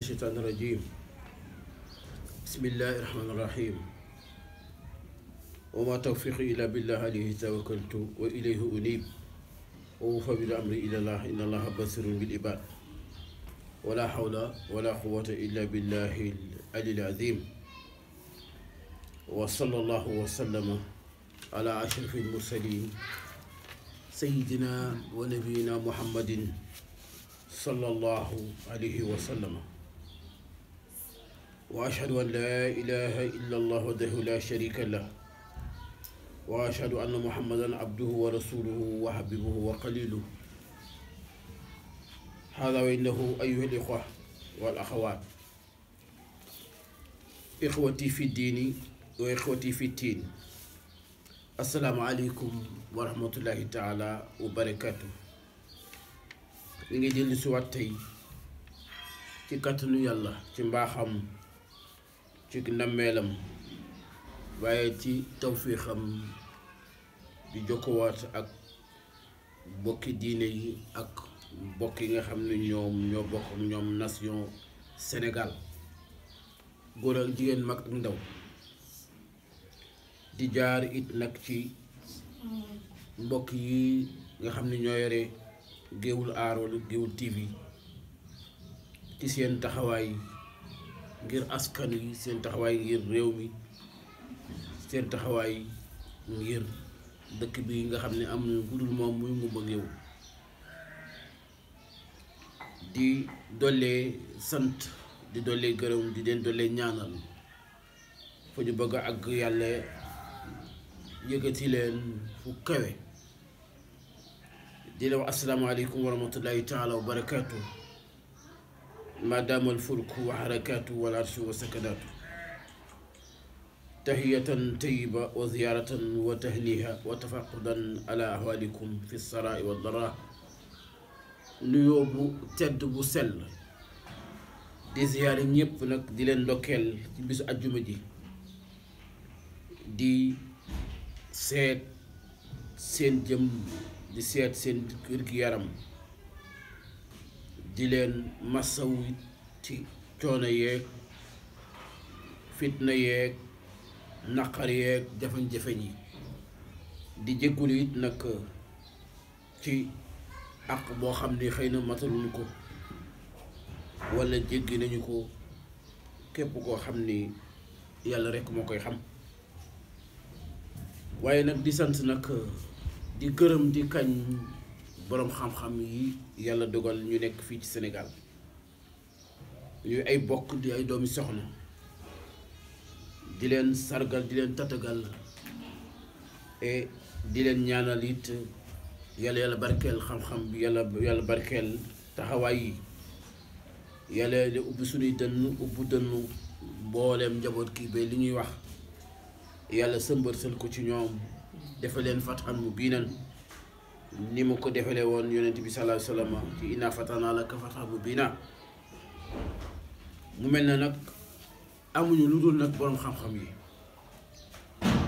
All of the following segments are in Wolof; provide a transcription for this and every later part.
الشيطان الرجيم بسم الله الرحمن الرحيم وما توفيقي إلا بالله عليه توكلت وإليه أنيب ووفى بالأمر إلى الله إن الله بصير بالعباد ولا حول ولا قوة إلا بالله العلي العظيم وصلى الله وسلم على أشرف المرسلين سيدنا ونبينا محمد صلى الله عليه وسلم وأشهد أن لا إله إلا الله وحده لا شريك له وأشهد أن محمدا عبده ورسوله وحبيبه وقليله هذا وإنه أيها الإخوة والأخوات إخوتي في الدين وإخوتي في الدين السلام عليكم ورحمة الله تعالى وبركاته نيجي ديال سوات تي يالله تي ci nammeelam waaye ci tawfiixam di jokkowaat ak bokki diine yi ak bokk yi nga xam ne ñoom ñoo bokk ñoom nation Sénégal góor ak jigéen mag ak ndaw di jaar it nag ci mbokk yi nga xam ni ñoo yore Géewul Art walla Géewul TV ci seen taxawaay ngir askan wi seen taxawaay ngir réew mi seen taxawaay ngir dëkk bi nga xam ne am nañu ku dul moom muy ba ngéew di dollee sant di dollee gërëm di leen dollee ñaanal fa ñu bëgg a àgg yàlla yëkkati leen fu kawe di la wax asalaamaaleykum wa rahmatullahi taala wa barakaatu ما دام الفلك وحركاته والعرش وسكناته تهية طيبة وزيارة وتهنيها وتفقدا على أحوالكم في السراء والضراء nuyoobu tedd bu sell di ziyaare ñëpp nag di leen ndokkeel ci bisu ajjuma ji di seet seen jëm di seet seen wér-gu-yaram di leen massawu ci coono yeeg fitna yeeg naqar yeeg jafe-jafe yi di jéggulu it nag ci àq boo xam ni xëy na mataluñu ko walla jéggi nañu ko képp koo xam ni yàlla rekk moo koy xam waaye nag di sant nag di gërëm di kañ boroom xam-xam yi yàlla dogal ñu nekk fii ci senegal ñuy ay bokk di ay doomi soxla di leen sargal di leen tatagal di leen ñaanal it yàlla yàlla barkeel xam-xam yàlla yàlla barkeel taxawaay yi yàlla yàlla ubbi suñuy dënn ubbu dënnu mbooleem njaboot kii ba li ñuy wax yàlla sëmbërsal ko ci ñoom dafa leen fataxan mu biinan ni mu ko defale woon yonent bi sallallahu alayhi wasallam ci inna fatana laka fathan mubina mu mel na nag amuñu lu dul nag boroom xam-xam yi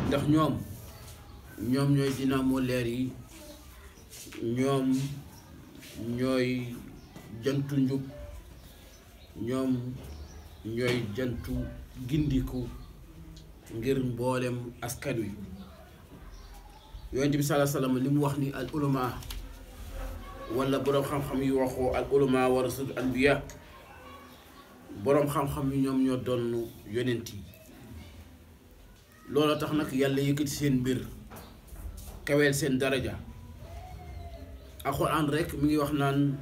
ndax ñoom ñoom ñooy dinaamo leer yi ñoom ñooy jantu njub ñoom ñooy jantu gindiku ngir mboolem askan wi yonent bi sallallahu alayhi li mu wax ni al ulama walla boroom xam-xam yu waxoo al ulama warasul yàq boroom xam-xam yi ñoom ñoo doon yonent yi loolu tax nag yàlla yëkkati seen mbir kaweel seen daraja alxuraan rekk mu ngi wax naan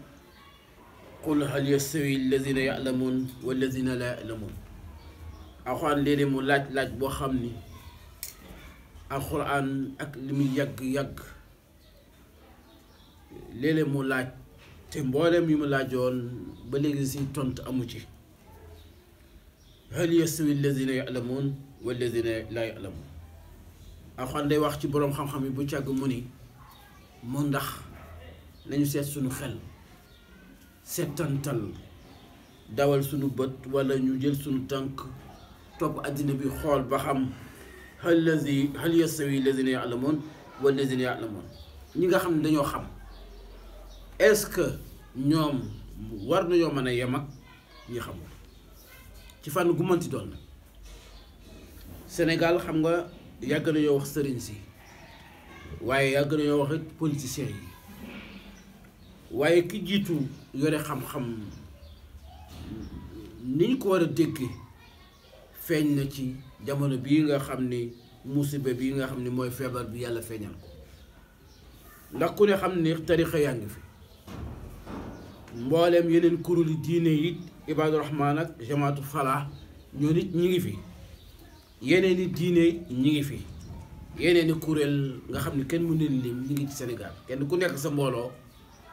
qul hal yastawi alladina ya'lamun walladina la ya'lamun alxuraan léeg-léeg mu laaj laaj boo xam ni alxuraan ak li muy yàgg-yàgg léeg mu laaj te mboolem yi ma laajoon ba léegi si tontu amu ci hal yastawi alladina yalamuun walladina laa yalamuun alxuraan day wax ci boroom xam-xam yi bu jàgg mu ni mu ndax nañu seet suñu xel seetantal dawal sunu bët wala ñu jël suñu tànk topp àddina bi xool ba xam allazi hal yastawi lazina ya'lamun wa lazina ya'lamun ñi nga xam ne dañoo xam est-ce que ñoom war nañoo mën a yem ak xam xamul ci fànn gu mënti doon nag Sénégal xam nga yàgg nañoo wax sëriñ si waaye yàgg nañoo wax it yi waaye ki jiitu yore xam-xam ni ñu ko war a dégg feeñ na ci jamono bii nga xam ni musiba bii nga xam ni mooy feebar bi yàlla feeñal ko ndax ku ne xam ni tarixa yaa ngi fi mbooleem yeneen kuréelu diine yi ibaadu rahmaan ak jamaatu falaa ñoo nit ñi ngi fi yeneen it diine ñi ngi fi yeneen i kuréel nga xam ni kenn mu ne lim ñi ngi ci Sénégal kenn ku nekk sa mbooloo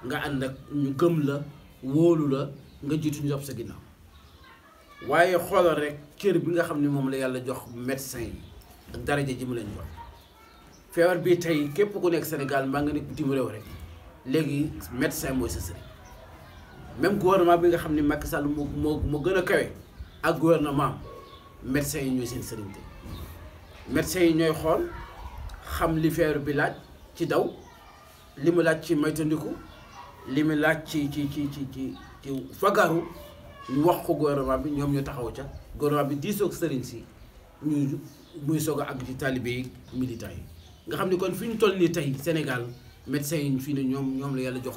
nga ànd ak ñu gëm la wóolu la nga jiitu ñu sa ginnaaw waaye xoolal rek cër bi nga xam ne moom la yàlla jox médecin yi ak daraja ji mu leen jox feebar bii tey képp ku nekk Sénégal mbaa nga nekk bitim réew rek léegi médecin mooy sëriñ même gouvernement bi nga xam ni Macky Sall moo moo moo gën a kawe ak gouvernement médecin yi ñooy seen sëriñ te médecin yi ñooy xool xam li feebar bi laaj ci daw li mu laaj ci moytandiku li mu laaj ci ci ci ci ci ci wax ko gouvernement bi ñoom ñu taxaw ca gouvernement bi diisoog sëriñ si ñu muy soog a àgg ci talibé yi yi nga xam ne kon fi ñu toll nii tey Sénégal médecins yi fii ne ñoom ñoom la yàlla jox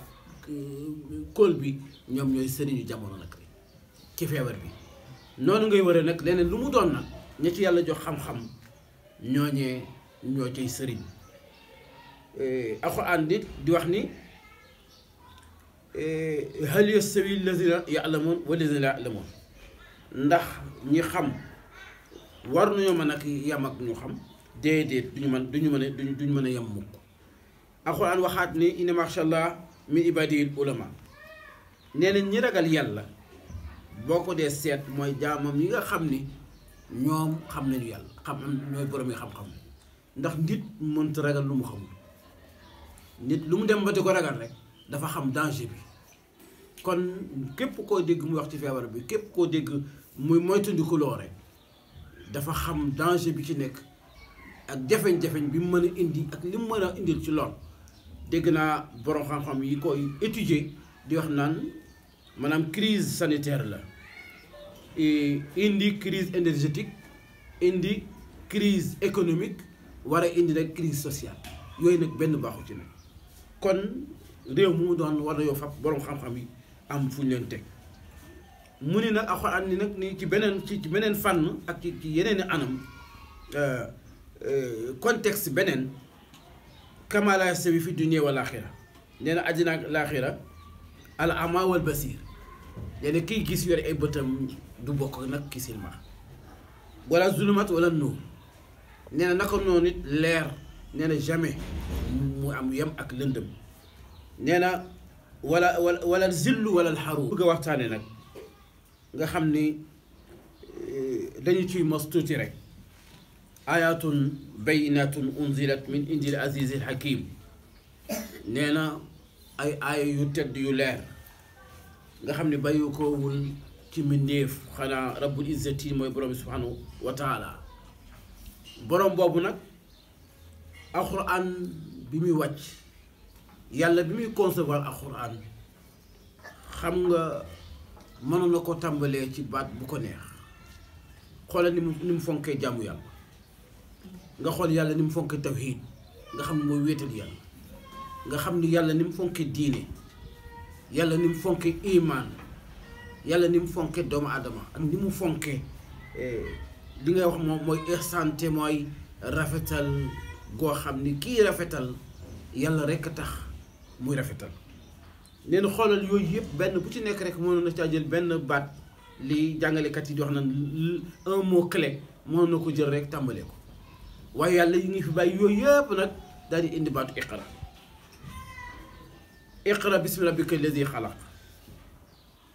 euh, kóol bi ñoom ñooy sëriñu jamono nag ci feebar bi noonu ngay wëree nag leneen lu mu doon nag ña yàlla jox xam-xam ñooñee ñoo cay sëriñ euh, alxuraan di di wax ni إيه، هل يستوي الذين يعلمون والذين لا يعلمون ندخ نخم وارن يوم أنك يامك نخم دي دي دنيا من دنيا من دنيا من يامك القرآن وحدني إن ما شاء الله من إبادي العلماء نحن نرجع يلا بوكو دي سيت موي جام مي خامني نيوم خامنا يالا خام نوي بروم خام خام نيت مونت راغال لوم خام نيت لوم ديم با ديكو راغال رك dafa xam danger bi kon képp koo dégg muy wax ci feebar bi képp koo dégg muy moytandiku loo rek dafa xam danger bi ci nekk ak jafeñ-jafeñ bi mu mën a indi ak li mu mën a indil ci lool dégg naa borom xam-xam yi koy étudier di wax naan maanaam crise sanitaire la indi crise énergétique indi crise économique war a indi nag crise sociale yooyu nag benn baaxu ci nag kon réew mu mu doon war na yoo fab borom xam-xam yi am fu ñu leen teg mu ni nag alxuraan ni nag ni ci beneen ci beneen fànn ak ci yeneen i anam euh, euh, contexte beneen kamala sawi fi dunya wal axira nee na àddina ak laaxira al ama wal kiy gis yore ay bëtam du bokk nag ki silma wala zulumat wala nuur nee naka noonu it leer nee na jamais mu am yem ak lëndëm نينا ولا ولا الزل ولا الحروب بغا واختاني نك غا خامني داني تي مستوتي رك ايات بينات انزلت من عند العزيز الحكيم نينا اي اي يو تيد يو لير غا خامني بايوكو وول كي منيف خنا رب العزه موي بروم سبحانه وتعالى بروم بوبو نك القران بيمي واتش yàlla bi muy concevoir alxuraan bi xam nga mënoon na ko tàmbalee ci baat bu ko neex xoolal ni mu fonkee jaamu yàlla nga xool yàlla ni mu fonkee tawhiid nga xam yàlla nga xam ni yàlla ni mu fonkee diine yàlla ni mu fonkee imaan yàlla ni mu fonkee doomu aadama ak ni mu fonkee eh, li ngay wax moom mooy ihsaan te mooy rafetal goo xam ni kii rafetal yàlla rekk a tax muy rafetal neen na xoolal yooyu yëpp benn bu ci nekk rek mënoon na caa jël benn baat li jàngalekat yi di wax naan un mot clé mënoon na ko jël rek tàmbale ko waaye yàlla yi ngi fi bàyyi yooyu yëpp nag daal di indi baatu iqra iqra bismi rabbika alladi xalaq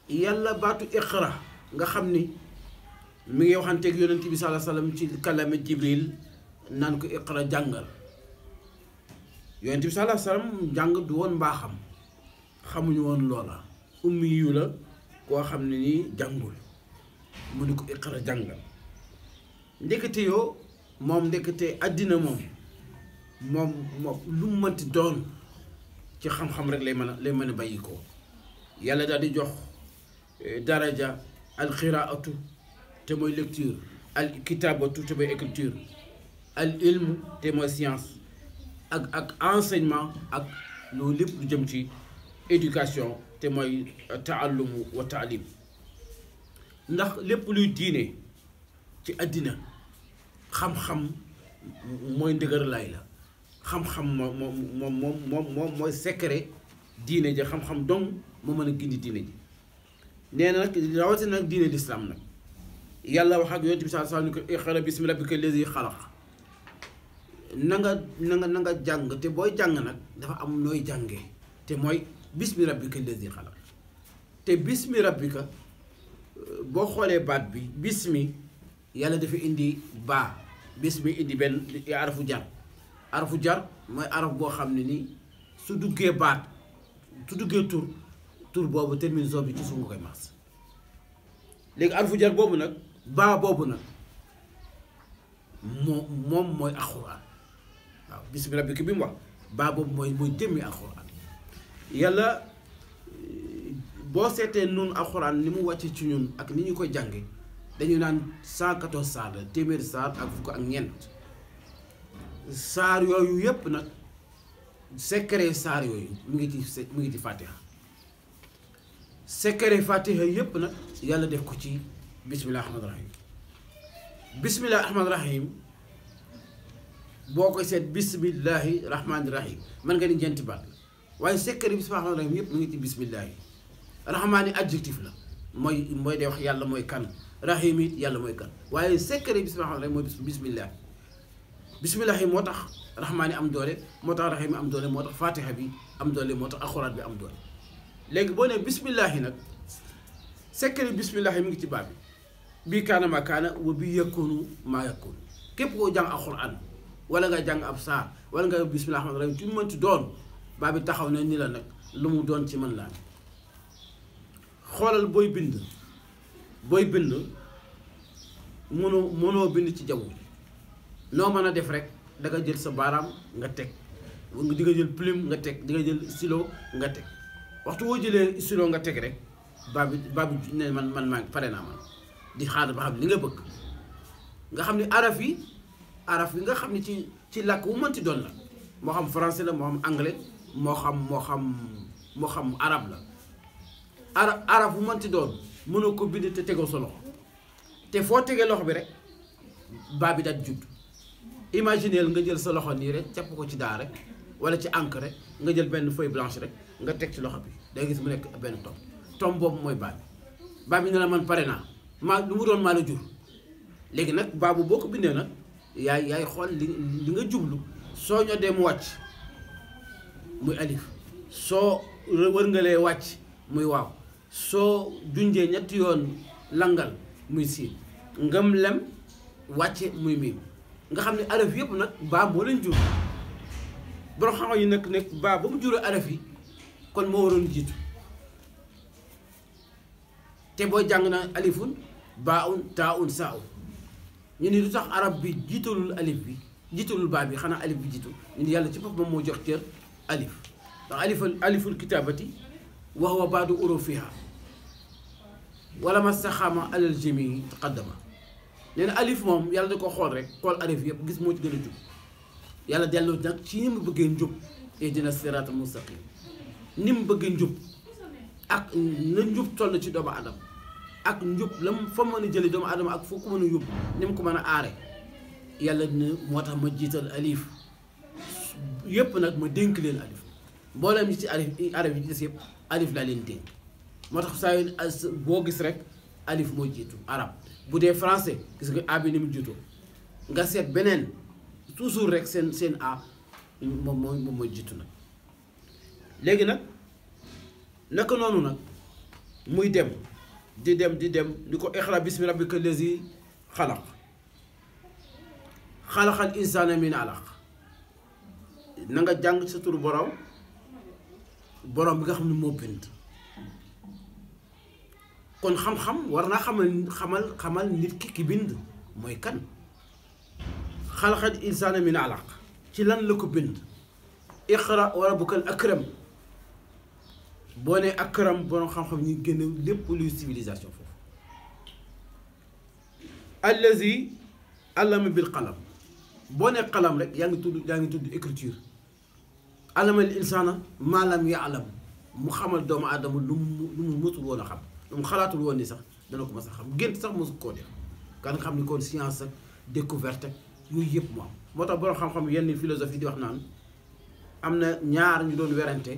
yàlla baatu iqra nga xam ni mi ngi waxanteeg yonent bi salaa sallam ci kalame jibril naan ko iqra jàngal yonent bi sallallahu alayhi njàng du woon mbaaxam xamuñu woon loola ummi yu la koo xam ne nii jàngul mu ni ko jàng jàngal ndekete yoo moom ndekete àddina moom moom moom lu mu mënti doon ci xam-xam rek lay mën lay mën a bàyyi yàlla dal di jox eh, daraja alxiraatu te mooy lecture al kitaabatu te mooy écriture al ilmu te mooy science ak ak enseignement ak loolu lépp lu jëm ci éducation te mooy taallumu wa taalim ndax lépp luy diine ci àddina xam-xam mooy ndëgër laay la xam-xam moom moom moom moom moom mooy secret diine ji xam-xam donc moo mën a gindi diine ji nee na nag rawatina nag diine lislaam nag yàlla wax ak yonent bi sallallahu alayhi wa sallam ni ko iqra bismi rabbika allazi xalaq na nanga na jàng te booy jàng nag dafa am nooy jànge te mooy bismi rabbika lazi xalaq te bismi rabbika euh, boo xoolee baat bi bismi yàlla dafa indi baa bismi indi benn arafu jar arafu mooy araf boo xam ne ni su duggee baat su duggee tur tur boobu terminaison bi ci suuf nga koy maas léegi arafu jar boobu nag baa boobu nag moom moom mooy alxuraan waaw bismi rabbika bi mu wax baa boobu mooy mooy jëmme alxuraan yàlla boo seetee noonu alxuraan ni mu wàcce ci ñun ak ni ñu ko jànge dañu naan 114 saar téeméeri saar ak ak ñeent yooyu yépp nag secret saar yooyu mu ngi ci mu ngi ci fatiha secret fatiha yépp nag yàlla def ko ci bismillah rahmaan rahim boko koy seet bismillahi rahmaani rahim mën nga ni ñeenti baat la waaye sekkari bismillahi rahmaani rahim ngi ci bismillahi rahman adjectif la mooy mooy day wax yàlla mooy kan rahim it yàlla mooy kan waaye sekkari bismillahi rahmaani rahim bismillah bismillahi bismillahi moo tax rahmaani am doole moo tax rahim am doole moo tax fatiha bi am doole moo tax bi am doole léegi boo nee bismillahi nag sekkari bismillahi mi ngi ci baat bi bii kaana maa wa bi yakunu maa yakunu képp koo jàng alxuraan wala nga jàng ab saar wala nga bismillah rahmaan rahim ci mu mënti doon baa bi taxaw na ni la nag lu mu doon ci man laa xoolal booy bind booy bind mënoo mënoo bind ci jaww noo mën a def rek da jël sa baaraam nga teg di nga jël plume nga teg di jël stylo nga teg waxtu woo jëlee stylo nga teg rek baa bi baa bi ne man man maa ngi pare naa man di xaar ba xam li nga bëgg nga xam ni araf yi araf bi nga xamni ci ci làkk wu ti doon la moo xam français la mo xam anglais mo xam mo xam mo xam arab la ara araf bu mënti doon mëno ko bind te tegoo solo loxo te foo tegee loxo bi rek baa bi daal judd imagineel nga jël sa loxo ni rek ciap ko ci daa wala ci encre rek nga jël ben feuille blanche rek nga teg ci loxo bi da gis mu nek ben tom tom bobu moy baa bi baa bi ne la man pare ma maa lu mu doon maa la jur léegi nak baabu boko bindé bindee yaay yaay xool li li nga jublu soo ñodee mu wàcc muy alif soo wërngalee wàcc muy waaw soo junjee ñetti yoon langal muy siin ngëm lem wàcce muy miim nga xam ne araf yëpp nag baa moo leen jur borom xam yi nag nekk baa ba mu juree araf yi kon moo waroon jiitu te boo jàng naa alifun baa un taa un saa un ñu ni lu tax arab bi jitulul alif bi jitulul ba bi xana alif bi jitu ñu ni yàlla ci bopam mo jox ter alif ndax alif aliful kitabati wa huwa ba'du urufiha wala ma alal jami taqaddama nee alif mom yàlla da ko xool rek xool alif yeb gis mo ci gëna a yàlla delu nag ci ni mu bëggee e dina siraatal mustaqim ni bëgge bëggee ak na njub toll ci doomu adam ak njub la mu fa mën a jële doomu aadama ak foo ko mën a yóbbu ni mu ko mën a aare yàlla dina moo tax ma jiital alif yëpp nag ma dénk leen alif mboole yi ci alif arab yi ci des yëpp alif laa leen dénk moo tax saa yu boo gis rek alif moo jiitu arab bu dee français gis nga a bi ni mu jiitoo nga seet beneen toujours rek seen seen a moom mooy moom mooy jiitu nag léegi nag naka noonu nag muy dem di dem di dem liko ikhra ixra bismi rabbika lazi khalaq xalaqal insana min alaq na nga jàng sa turu borom borom bi nga xamni mo bind kon xam-xam warna xamal xamal xamal nit ki ki bind moy kan xalaqal insana min alaq ci lan lako bind iqra wa rabbukal akram boo akram borom xam-xam ñi génne lépp lu civilisation foofu allazi allama bil qalam boo qalam rek yaangi tuddu yaangi tuddu écriture allama al insana ma lam ya'lam mu xamal doom adam lu mu lu mu mësul wona xam lu mu woni woon ni sax dana ko mas a xam gën sax mosu ko def kan xam ni kon science ak découverte ak yooyu yëpp mu am moo borom xam-xam yenn philosophie di wax naan amna ñaar ñu doon werante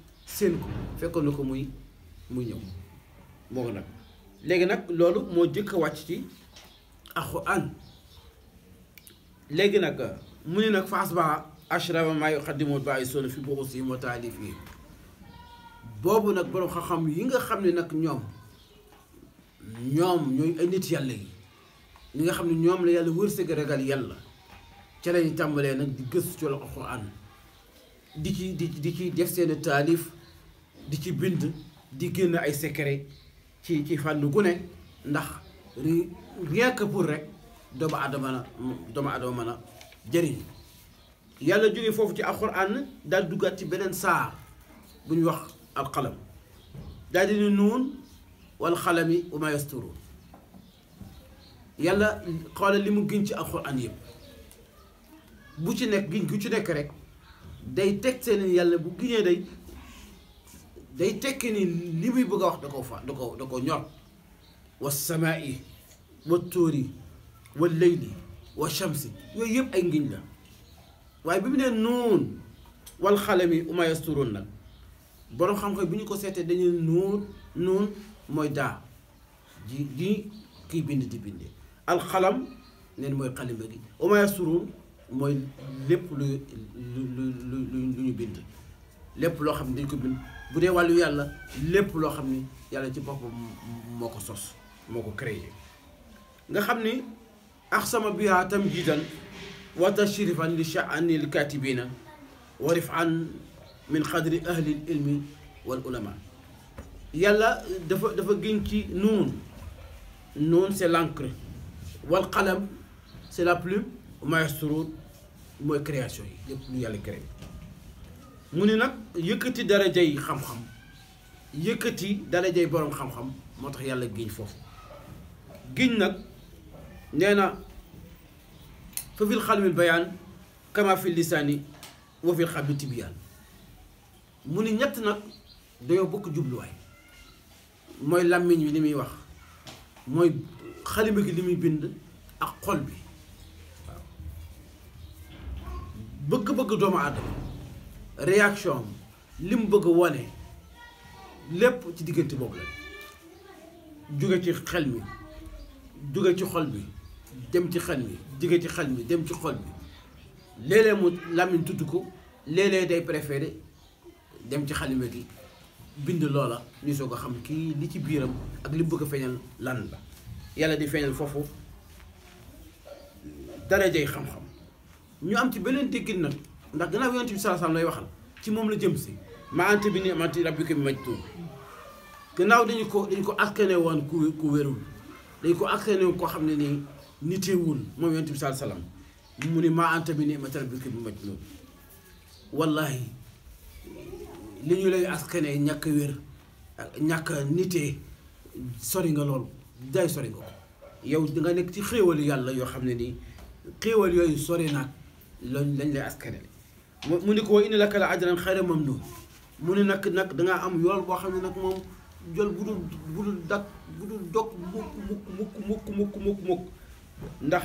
seen ko fekkoon na ko muy muy ñëw moo ko nag léegi nag loolu moo jëkk a wàcc ci alxuraan léegi nag mu ne nag faas ba ashraba maa yuqaddimu bàyyi sonn fi buxusihim wa taalifihim boobu nag borom xam-xam yi nga xam ne nag ñoom ñoom ñooy ay nit yàlla yi ñi nga xam ne ñoom la yàlla wërsëg ragal yàlla ca lañu tàmbalee nag di gëstu ci alxuraan di ci di ci di ci def seen taalif di ci bind di génn ay secret ci ci fànn gu ne ndax rien que pour rek doomu adama na doomu adama mën a jëriñ yàlla jógee foofu ci alxuraan daal duggaat ci beneen saar bu ñu wax alxalam daal di ne nuun wal xalami wa ma yasturuun yàlla xoola li mu gën ci alxuraan yëpp bu ci nekk giñ gu ci nekk rek day teg seen yàlla bu giñee day day tekki ni li muy bëgg a wax da ko fa da ko da ñor wa samaa'i wa tóori wa leyli wa shamsi yooyu yëpp ay ngiñ la waaye bi mu ne nuun wal xalami uma yasturuun nag borom xam-xam ñu ko seetee dañuy nuun mooy daa ji ji kiy bind di binde alxalam neen mooy xalima gi uma yasturuun mooy lépp lu lu lu lu ñu bind lépp lo xamni dañ ko bind budé walu yàlla lépp lo xamni yàlla ci bop moko sos moko créer nga xamni ni biha tamjidan wa tashrifan li sha'ani al katibina wa rifan min qadri ahli al ilm wal ulama yàlla dafa dafa gën ci nun nun c'est l'encre wal qalam c'est la plume maestro moy création yi lépp lu yàlla créer mu ne nag yëkkati daraja yi xam-xam yëkkati daraja yi boroom xam-xam moo tax yàlla giñ foofu giñ nag nee na fa fil xalmi bayaan kama fi lisaani wa fil xalmi tibiyaan mu ni ñett nag dañoo bokk jubluwaay mooy làmmiñ wi li muy wax mooy xalima gi li muy bind ak xol bi waaw bëgg-bëgg doomu aadama réaction lim bëgg woné lépp ci digënté bobu la jóge ci xel mi jóge ci xol bi dem ci xel mi jóge ci xel mi dem ci xol bi lélé mu lamine tuddu ko leeg day préféré dem ci xalima gi bind loola ñu soko xam ki li ci biiram ak li bëgg a lan la yàlla di fofu dara jey xam-xam ñu am ci benen déggin nak ndax gannaaw yonent bi sallallahu lay waxal ci moom la jëm si ma anta bi ni ni'mati rabbika bi majnun gannaaw dañu ko dañu ko askane woon ku wérul dañu ko askane woon koo xam ne nii nitewul moom yonent bi sallallahu alayhi wasallam mu ne ma anta bi ni'mati rabbika bi majnun wallahi li ñu lay askane ñàkk wér ñàkk nitee sori nga loolu day sori nga ko yow danga nekk ci xéewal yàlla yoo xam ne nii xéewal yooyu sori naag loolu lañ lay askanale mu ne ko wa inna laka la ajran xayra mamnun mu ne nag nag dangaa am yool boo xam ne nag moom jol bu dul bu dul bu dul dog mukk mukk mukk mukk mukk ndax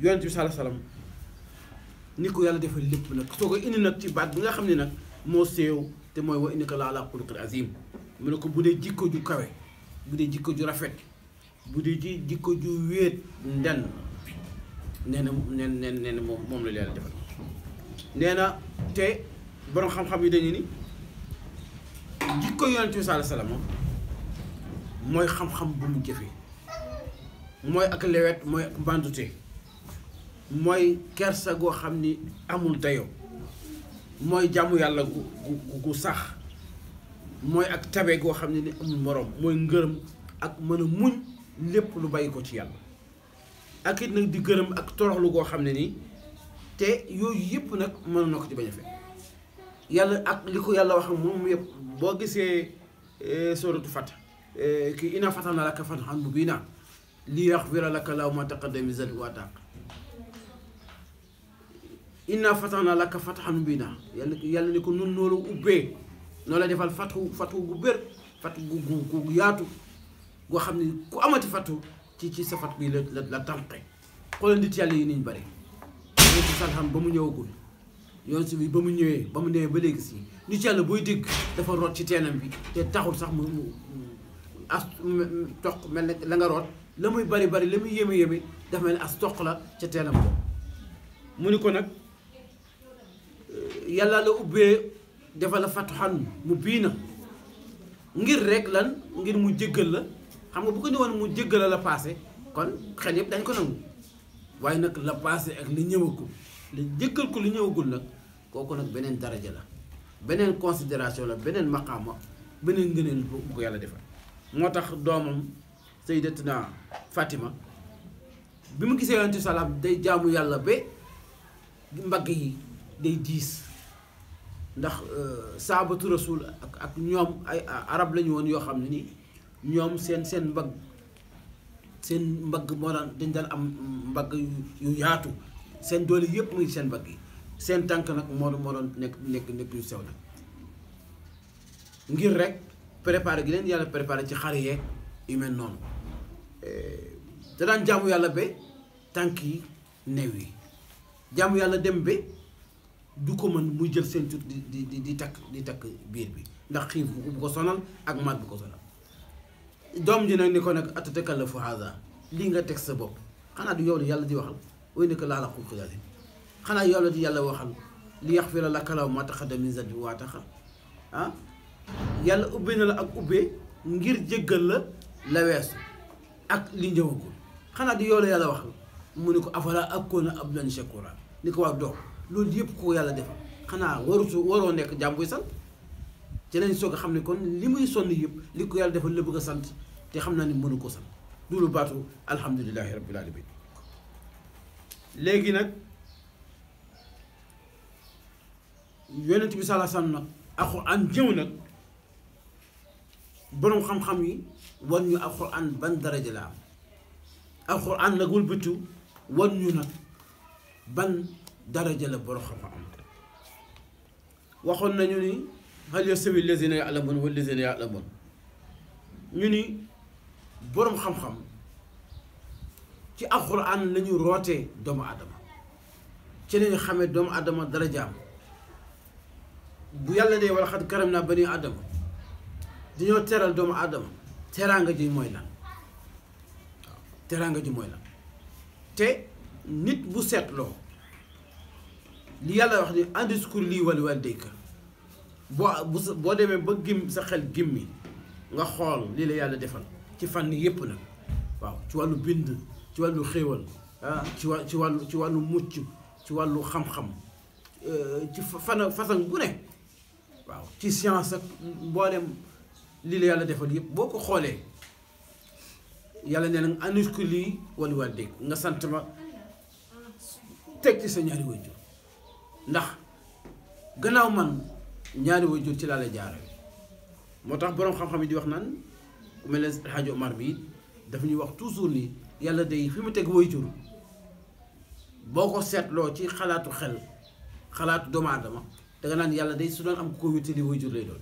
yonent bi sallallahu alayhi ni ko yàlla defal lépp nag soo ko indi nag ci baat bi nga xam ne nag moo sew te mooy wa innaka la ala xuluqil azim mu ne ko bu dee jikko ju kawe bu dee jikko ju rafet bu dee ji jikko ju wéet nden nee na nee na nee na moom moom la yàlla defal nee na te boroom xam-xam yi dañu ni jikko yonent bi sallallaahu mooy xam-xam bu mu jëfe mooy ak lewet mooy ak mooy kersa goo xam ni amul dayo mooy jàmm yàlla gu gu gu sax mooy ak tabe goo xam ne ni amul moroom mooy ngërëm ak mën a muñ lépp lu bàyyi ko ci yàlla ak it nag di gërëm ak toroxlu goo xam ne nii te yooyu yëpp nag mën na ko ci bañ a yàlla ak li ko yàlla wax moom yëpp boo gisee eh, suratu fata eh, kii inaa fatahna laka fathan mubiina liyaghfira laka llaahu maa taqaddama min zanbika wa maa ta'akhkhar inaa fatahna laka fathan yàlla yàlla ni ko nun noolu ubbee noonu la defal fatu fatu gu bér fatu gu gu gu yaatu goo xam ne ku amati fatu ci ci sa fat bi la la tànqe yàlla yi niñ bëri yonent bi ba mu ñëwagul yonent bi ba mu ñëwee ba mu ñëwee ba léegi sii ñu ci yàlla buy dikk dafa root ci teenam bi te taxul sax mu mu as toq mel ne la nga la muy bari bari la muy yéeme yéeme dafa mel ne as toq la ca teenam ko mu ni ko nag euh, yàlla la ubbee dafa la fatuxan mu bii na ngir rekk lan ngir mu jéggal la xam nga bu ko ni woon mu jéggal la la paase kon xel yëpp dañ ko nangu waaye nag la passé ak li ñëwagul li jëkkal ko lu ñëwagul nag kooku nag beneen daraja la beneen considération la beneen maqaama beneen ngëneel bu ko yàlla defar moo tax doomam sayyidatuna Fatima bi mu gisee yonent salaam day jaamu yàlla ba mbagg yi day diis ndax euh, saabatu rasul ak ak ñoom ay arab la woon yoo xam ne ni ñoom seen seen mbag seen mbagg moo daan dañ daan am mbagg yu yaatu seen doole yëpp muy seen mbagg yi seen tànk nag moo moo doon nekk nekk nekk yu sew la ngir rek préparé gi leen yàlla préparé ci xare yeeg yu mel noonu te eh, daan jaamu yàlla be tànk yi néew yi jaamu yàlla dem ba du ko mën muy jël seen tur di di di takk di takk biir bi ndax xiif bu ko sonal ak maat bu ko sonal doom ji nag ni ko nag atatakallafu hada lii nga teg sa bopp xanaa du yow yàlla di waxal way ne ko laa la xulqi lalim xanaa yow di yàlla waxal li yaxfira ma taqaddama min zanbi wa taxa ah yàlla na la ak ubbee ngir jéggal la la weesu ak li ñëwagul xanaa du yow yàlla waxal mu ne ko afala akuna abdan shakura ni ko waa doo loolu yëpp ko yàlla defal xanaa warutu waroo nekk jàmbuy sant ci lañ soog a xam ne kon li muy sonn yëpp li ko yàlla defal la bëgg a sant te xam naa ne mënu ko sant loolu baatu alhamdulilahi rabbil alamin léegi nag yonent bi salaa salaam nag alxuraan jëw nag boroom xam-xam yi wan ñu alxuraan ban daraja la am alxuraan nag wëlbatu wan ñu nag ban daraja la boroom xam-xam waxoon nañu ni هل يسوي الذين يعلمون والذين يعلمون ني بروم خم خم تي القران لا ني روتي دوم ادم تي لا ني خامي دوم ادم درجه بو يالا دي ولخات كرمنا بني ادم دي نيو تيرال دوم ادم تيرانغا دي موي لا تيرانغا دي موي لا تي نيت بو سيتلو لي يالا واخ دي اندسكور لي والوالديك boo bu boo demee ba gim sa xel gimmi nga xool lii la yàlla defal ci fànn yëpp nag waaw ci wàllu bind ci wàllu xéewal ah ci wa ci wàllu ci wàllu mucc ci wàllu xam-xam ci fana façon bu ne waaw ci science ak mboolem lii la yàlla defal yëpp boo ko xoolee yàlla nee na anushku lii wala waa dégg nga sant ma teg ci sa ñaari wajur ndax gannaaw man ñaari way jur ci la la jaar motax borom xam-xam di wax nan ku mel ne Omar bi daf ñu wax toujours ni yàlla day fi mu tegg way jur boo ko ci xalaatu xel xalaatu doomu da nga nan yàlla day su doon am ku ko wéttali way jur lay doon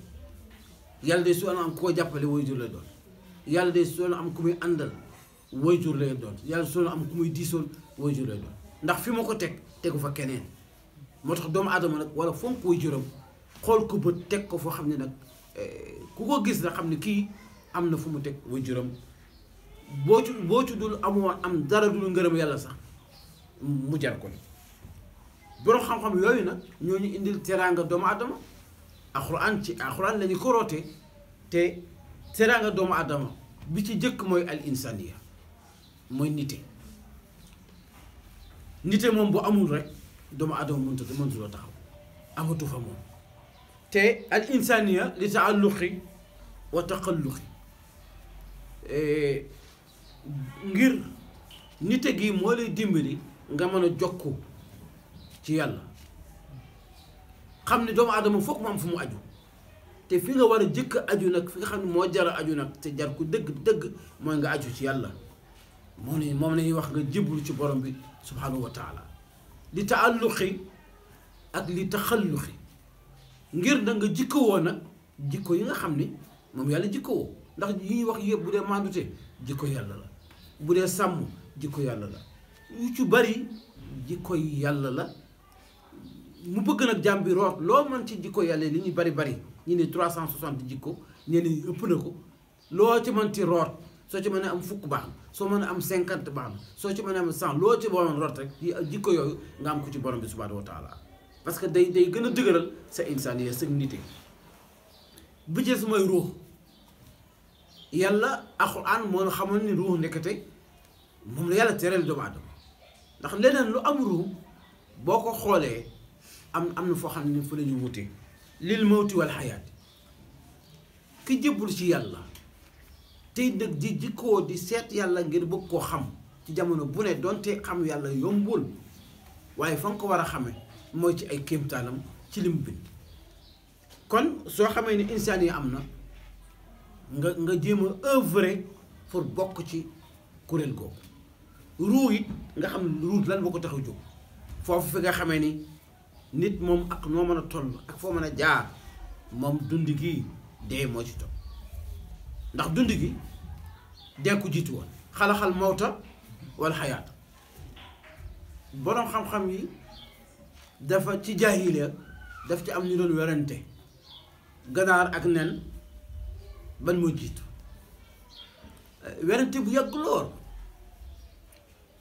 yàlla day su doon am ko jàppale way jur lay doon yàlla day su doon am ku muy àndal way jur lay doon yàlla su doon am ku muy disol way jur lay doon ndax fi ma ko teg tegu fa keneen motax doom doomu nak wala fonk way juram xool ko bët teg ko foo xam ne nag eh, ku ko gis na xam ne kii am na fu mu teg waajuram boo boo ci dul amoo am dara dul ngërëm yàlla sax mu jar ko borom xam-xam yooyu nag ñoo ñu indil teraanga doomu adama alxuraan ci alxuraan la ñu ko rootee te teraanga doomu adama bi ci jëkk mooy al insaniya mooy nite nite moom bu amul rek doomu adama mënut a mënutuloo taxaw amatu fa moom. تي الإنسانية لتعلقي وتقلقي غير نتجي مولي ديمري غمانو جوكو تي يالا خامني دوم ادم فوك مام فمو اجو تي فيغا وارا جيك اجو نك فيغا خامني مو جارا اجو نك تي جاركو دغ دغ موي غا اجو تي يالا موني موم ناي واخ غا جيبول سي بروم بي سبحانه وتعالى لتعلقي اك لتخلقي ngir da nga jikkowoo nag jikko yi nga xam ni moom yàlla jikkowoo ndax yi ñuy wax yëpp bu dee mandute jikko yàlla la bu dee sàmm jikko yàlla la ci bari jikko yàlla la mu bëgg nag jàmm bi root loo mën ci jikko yàlla li ñu bari bari ñu ne 360 jikko ñenn ñi ëpp na ko loo ci mën ti root soo ci mën a am fukk baax na soo mën am 50 baax na soo ci man a am 100 loo ci borom root rek jikko yooyu nga am ko ci borom bi subhaanahu wa parce que day day gëna a dëgëral sa insaaniya sa nite bu ci moy ruh yàlla alquran mo xamal ni ruh nekkate mom la yàlla tereel do aadama ndax leneen lu am ruh boko xolé am amna fo xamni xam ne fa la wute lil mawt wal hayat ki jëbul ci yàlla tey nag di jikko di sét yàlla ngir bëgg ko xam ci jamono bu ne donte xam yàlla yombul waye fa nga ko war a mooy ci ay kéemtaanam ci li bind kon soo xamee ne insaan yi am nga nga jéem œuvrer pour bokk ci kuréel googu ruu nga xam ruu lan boo ko jóg foofu fi nga xamee ni nit moom ak noo mën toll ak foo mën jaar moom dund gi dee ci topp ndax dund gi dee ko jiitu woon xalaxal mawta wala xayaata boroom xam-xam yi dafa ci jaahiliya daf ci am ñu doon werante ganaar ak nen ban moo jiitu werante bu yàgg lool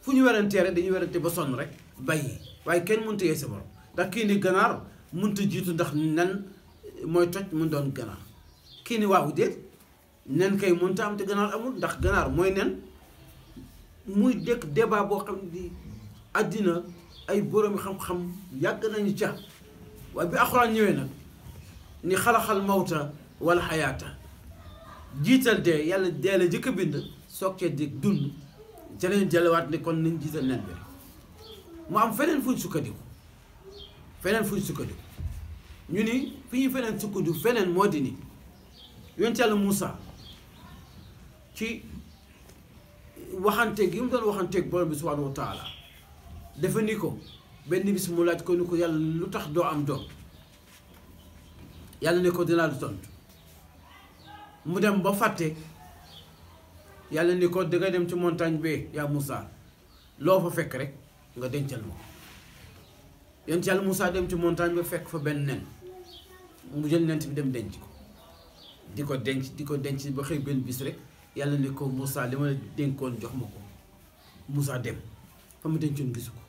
fu ñu werantee rek dañuy werante ba sonn rek bàyyi waaye kenn mënta yee sa ndax kii ni ganaar mënta jiitu ndax nen mooy toj mu doon ganaar kii ni waaw déet nen kay mënta am te ganaar amul ndax ganaar mooy nen muy dëkk débat boo xam ni àddina ay borom xam-xam yag nañu ci wa bi alxuraan ñewé nak ni khalaqal mauta wal hayata jital de yàlla de la jëk bind sokke cee di dund ca leen jëlewaat ni kon nañ jital nañ be mu am feneen fuñ sukkandiku feneen fuñ sukkandiku ñu ni fi ñu feneen sukkandiku feneen moo di ni yonent yàlla musa ci waxante gi mu doon waxante ak borom bi subhanahu wa taala dafa ni ko benn bis mu laaj ko ni ko yàlla lu tax doo am doom yàlla ne ko dinaa la tontu mu dem ba fàtte yàlla ni ko dangay dem ci montagne bi yaa Moussa loo fa fekk rek nga dencal ma yéen ci yàlla Moussa dem ci montagne ba fekk fa benn nen mu jël nent bi dem denc ko di ko denc di ko denc ba xëy benn bis rek yàlla ne ko musaa li ma la dénkoon jox ma ko Moussa dem fa mu dencoon gisu ko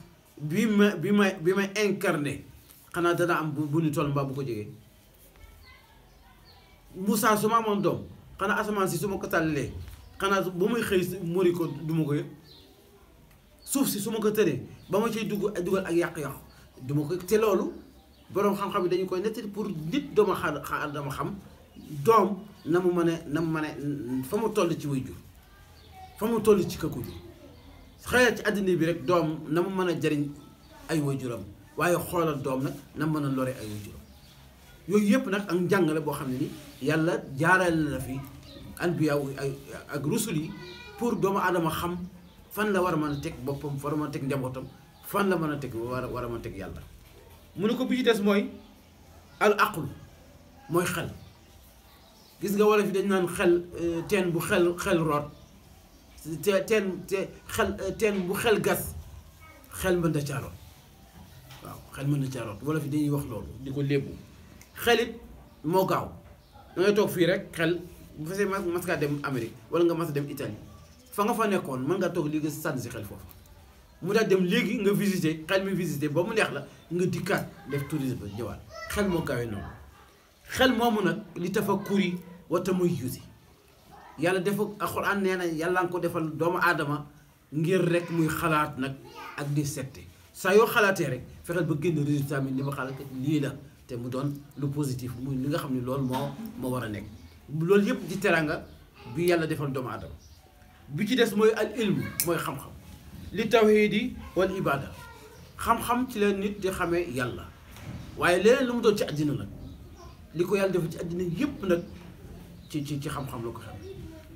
bi ma incarné xanaa dana am bu ñu toll mbaa bu ko jógee Moussa su ma amoon doom si su ma ko tàllalee xanaa bu muy xëy mori ko ko si su ko tëree ba ma ak du ko te loolu borom xam-xam yi pour nit dama xam a na mu ci xëy ci àddina bi rek doom na mu mën a jariñ ay waajuram waaye xoolal doom nag na mën a lore ay waajuram yooyu yëpp nag ak njàngale boo xam ne ni yàlla jaarale la fi anbiya ay ak rusul yi pour doomu aadama xam fan la war a mën a teg boppam war a mën a teg njabootam fan la mën a teg war a war a mën a teg yàlla mu ne ko bi ci des mooy al aqul mooy xel gis nga wala fi dañ naan xel teen bu xel xel root تن خل تن بخل قص خل من دشارون خل من دشارون ولا في دين يخلون يقول ليه بو خالد موقعو نحن توك في رك خل فسي ما ما تكاد دم أمريكا ولا نعم ما تدم إيطاليا فانا فانا كون من قطع ليك سان زي خل فوف مودا دم ليك نعم فيزيت خل مي فيزيت بوم نخلا نعم دكان لف توريزم جوال خل موقعو نعم خل ما منك لتفكري وتمو يوزي yàlla defu alxuraan nee na yàlla nga ko defal doomu aadama ngir rek muy xalaat nag ak di sette saa yoo xalaatee rek fexeel ba génn résultat bi li ma xalaat lii la te mu doon lu positif muy li nga xam ne loolu moo moo war a nekk loolu yëpp di teranga bi yàlla defal doomu aadama bi ci des mooy al ilm mooy xam-xam li tawhidi wal ibada xam-xam ci la nit di xamee yàlla waaye leneen lu mu doon ci àddina nag li ko yàlla defal ci àddina yëpp nag ci ci ci xam-xam la ko xam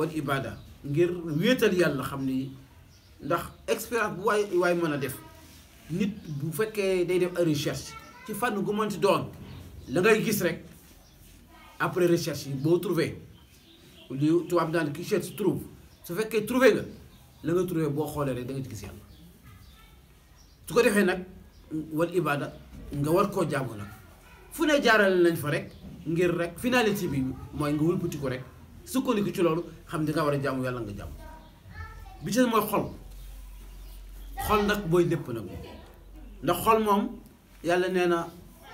wal ibada ngir des yalla xamni ndax bu def nit bu day def recherche ci gu doon la ngay rek après recherche yi boo trouvé li tubaab ki trouve trouvé nga la nga trouvé boo xoolee rek da nga gis yàlla su ko defee ibada nga fa rek sukkandiku ci loolu xam ne nga war a jaamu yàlla nga jaamu bi ci mooy xol xol nag booy lépp nag moom ndax xol moom yàlla nee na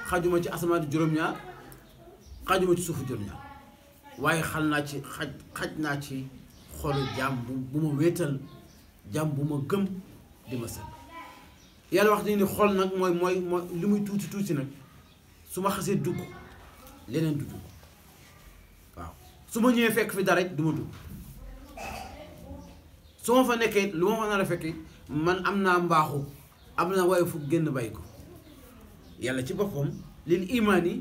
xajuma ci asamaan juróom-ñaar xajuma ci suufu juróom-ñaar waaye xal naa ci xaj xaj naa ci xolu jaam bu ma wéetal jaam bu ma gëm di ma sell yàlla wax ni ni xol nag mooy mooy li muy tuuti tuuti nag su ma xasee dugg leneen du su ma ñëwee fekk fi dara it du ma dugg su ma fa nekkee lu ma fa nar a fekk man am naa mbaaxu am naa waaye fu génn bàyyi ko yàlla ci boppam lil imaani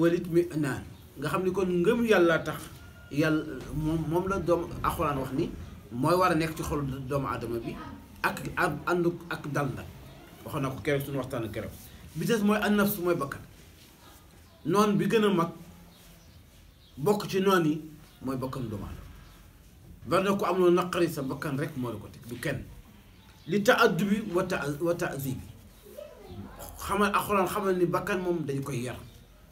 walit mi naan nga xam ni kon ngëm yàlla tax yàlla moom moom la doom alxuraan wax ni mooy war a nekk ci xol doomu aadama bi ak ànd ak dal nag waxoon naa ko keroog suñu waxtaan keroog bi des mooy an nafs mooy bakkan noonu bi gën a mag bokk ci noon yi mooy bakkan doomu aadama bari ko am na naqari sa bakkan rek moo la ko teg du kenn li taaddubi wa ta wa taazibi xamal alxuraan xamal ni bakkan moom dañu koy yar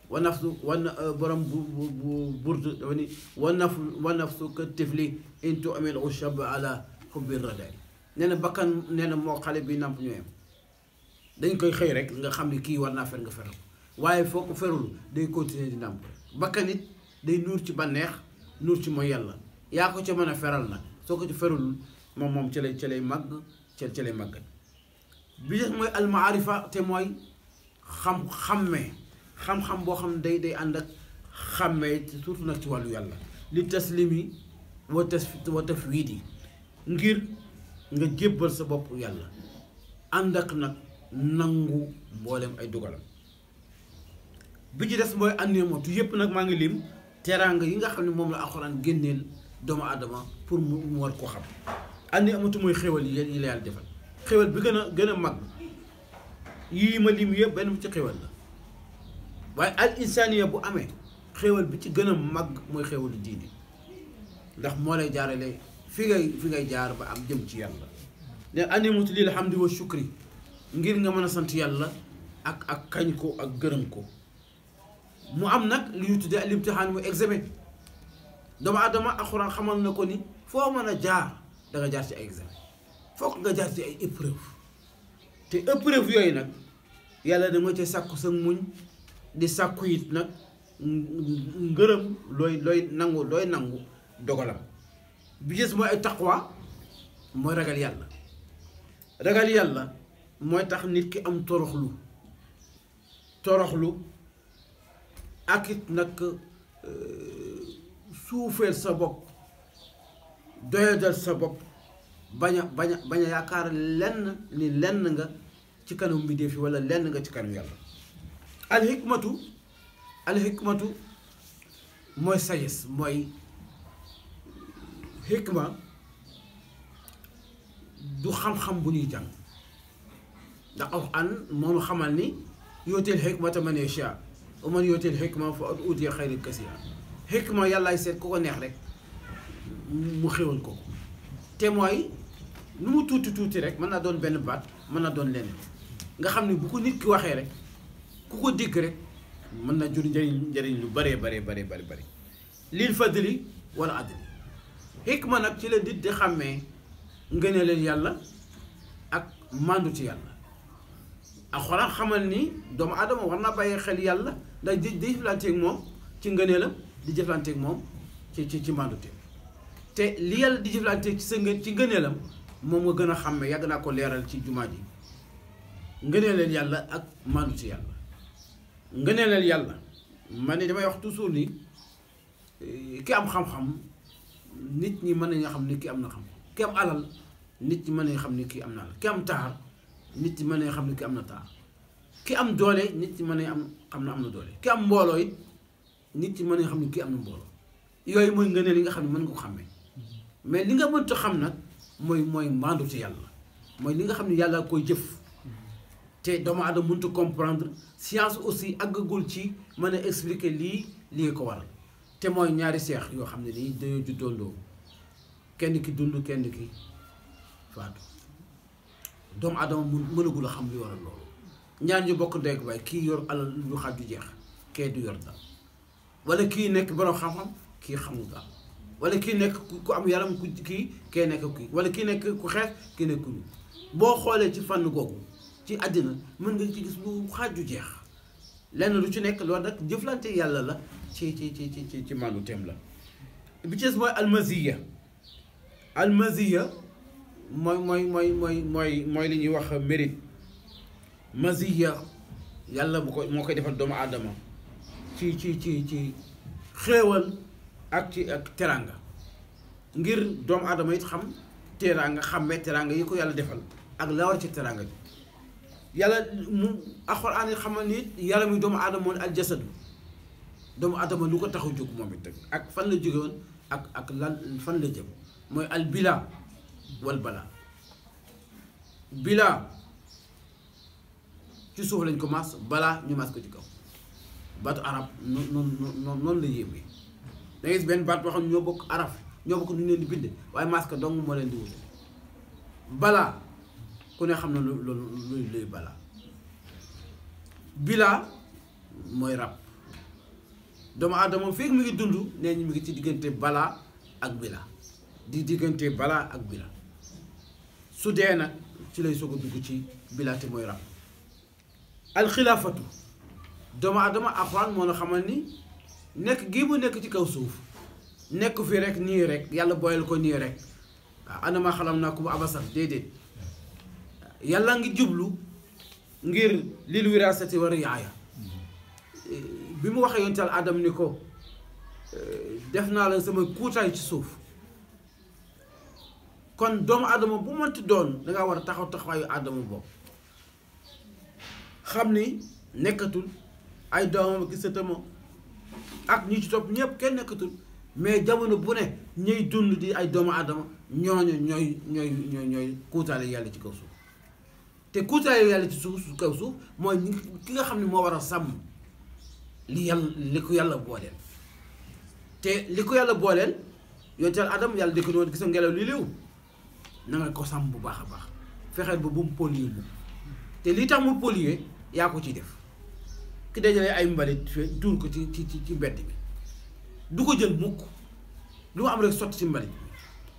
wa nafsu wan borom bu bu bu burd dafa ni wa naf wa nafsu ka tifli in tu'mil ushab ala xubbi raday nee na bakkan nee na moo xale bi namp ñooyam dañ koy xëy rek nga xam ne kii war naa fer nga fer ko waaye foo ko ferul day continuer di namp bakkan it day nur ci banex nur ci mo yalla ya ko ci meuna feral nak soko ci ferul mom mom ci lay ci lay mag ci ci lay mag bi moy al ma'arifa te moy xam xàmmee xam-xam bo xam day day ànd ak surtout nak ci walu yalla li taslimi wa tasfit wa tafwidi ngir nga jébbal sa bop yalla ànd ak nangu mbolem ay dugalam bi ci moy mooy tu yep nak ma ngi lim teranga yi nga xamni mom moom la alxuraan génneel doomu adama pour mu war ko xam andi amatu moy xéwal yi yi la yàlla defal xéwal bi gëna gëna mag yi ma lim yëpp ben ci xéwal la way al insaniya bu amé xéwal bi ci gëna mag moy xewal diini ndax mo lay jaarale fi ngay fi ngay jaar ba am jëm ci yàlla ne animatu lil hamdi wa shukri ngir nga mëna sant yàlla ak ak kañ ko ak gërëm ko mu am nak li ñu tuddé al imtixaan muy examen doomu adama alxuraan xamal nako ni fo meuna jaar da nga jaar ci examen fokk nga jaar ci ay épreuve te épreuve yoy nak yàlla da nga ci sàkku sa muñ di sàkku it nak ngeureum loy loy nangu loy nangu dogalam bi gis moy ay taqwa moy ragal yàlla ragal yàlla moy tax nit ki am toroxlu toroxlu akit nag euh, suufeel sa bopp doyadal sa bopp bañ a bañ yaakaar lenn ni lenn nga ci kanam mbindéef yi wala lenn nga ci kanam yàlla alxikmatu alxikmatu mooy sagesse mooy xikma du xam-xam bu ñuy jàng ndax alxuraan moom xamal ni yooteel xikmata man yashaa ومن يؤتي الحكمة فقد أوتي خيرا كثيرا xikma yàllaay seet ku ko neex rek mu xéwal ko te mooy nu mu tuuti tuuti rek mën naa doon benn baat mën naa doon leneen nga xam ne bu ko nit ki waxee rek ku ko dégg rek mën na jur njëriñ njëriñ lu bëree bare bare bari bëri lil fadli wala adli xikma nag ci la nit di xàmmee ngëneelal yàlla ak màndu ci yàlla ak xolal xamal ni doomu aadama war naa bàyyi xel yàlla ndax di di jëflanteeg moom ci ngëneelam di jëflanteeg moom ci ci ci màndute te li yàlla di jëflanteeg ci sa ci ngëneelam moom nga gën a xàmme yàgg naa ko leeral ci jumaa ji ngëneelal yàlla ak màndute yàlla ngëneelal yàlla man ne damay wax toujours ni ki am xam-xam nit ñi mën nañu xam ni ki am na xam ki am alal nit ñi mën nañu xam ni ki am na alal ki am taar nit ñi mën nañu xam ni ki am na taar ki am doole nit ñi mën a am xam na am na doole ki am mbooloo it nit ñi mën a xam ne kii am na mbooloo yooyu mooy nga ne li nga xam ne mën nga ko xàmmee li nga mënta xam nag mooy mooy maandu ci yàlla mooy li nga xam ne yàlla koy jëf te doomu aadama mënta comprendre science aussi àggagul ci mën a expliquer lii li nga ko waral te mooy ñaari seex yoo xam ne nii dañoo juddoondoo kenn ki dund kenn ki faatu doomu aadama mën mënagul a xam li waral loolu ñaan ñu bokk ndey way ki yor alal lu xaaj ju jeex ke du yor da wala ki nek borom xam-xam ki xam da wala ki nek ku am yaram ku ki ke nek ku wala ki nek ku xex ki nek ku bo xolé ci fànn gogu ci adina mën nga ci gis lu xaaj ju jeex lenn lu ci nek lo nak jëflante yàlla la ci ci ci ci ci ci manu tem la bi ci des mooy almasiya almasiya moy moy moy moy moy mooy li ñuy wax mérite مزيه يلا موكا ديفال دوم ادم تي تي تي تي خيوال اك تي اك تيرانغا غير دوم ادم يت خم تيرانغا خم تيرانغا يكو يلا ديفال اك لاور تي تيرانغا يلا القران خم ني يلا مي دوم ادم مون الجسد دوم ادم لوكو تاخو جوك مومت اك فان لا جوغون اك اك لان فان لا جيم موي البلا والبلا بلا ci suuf lañ ko mas balaa ñu mas ko ci kaw baatu arab noonu la yéeme da gis benn bat boo ñoo bokk araf ñoo bokk nu ñu leen di bind waaye mas dong moo leen di wute balaa ku ne xam ne lu lu luy balaa bilaa mooy rab doomu aadama fii mu ngi dund nee ñu mu ngi ci diggante balaa ak bilaa di diggante balaa ak bilaa su dee nag ci lay soog a dugg ci bilaa te mooy rab الخلافه دوما دوما افران مونا خمالني نيك جيبو نيك تي كاو سوف نيك في ريك ني ريك يالا بويل كو ني ريك انا ما خلمناكو ابصر ديدي يالا نغي جوبلو غير ليل وراثتي ورعايا بيمو واخا يونتال ادم نيكو دفنا لا سما كوتاي كون دوما ادم بو مونتي دون داغا وار تاخو تاخواي ادم بوب xam ni nekkatul ay doomam ak sëtama ak ñi ci topp ñëpp kenn nekkatul mais jamono bu ne ñuy dund di ay doomu aadama ñooñu ñooy ñooy ñooy ñooy kuutaale yàlla ci kaw suuf te kuutaale yàlla ci suuf su kaw suuf mooy ki nga xam ni moo war a sàmm li yàlla li ko yàlla booleel te li ko yàlla booleel yontal adam yàlla di ko noonu gis ngelaw li léew na ko sàmm bu baax a baax fexeel ba bu mu polluer te li tax mu polluer yaa ko ciy def ki dajale ay mbalit fee duur ko ci ci ci mbedd bi du ko jël mukk lu mu am rek sotti ci mbalit bi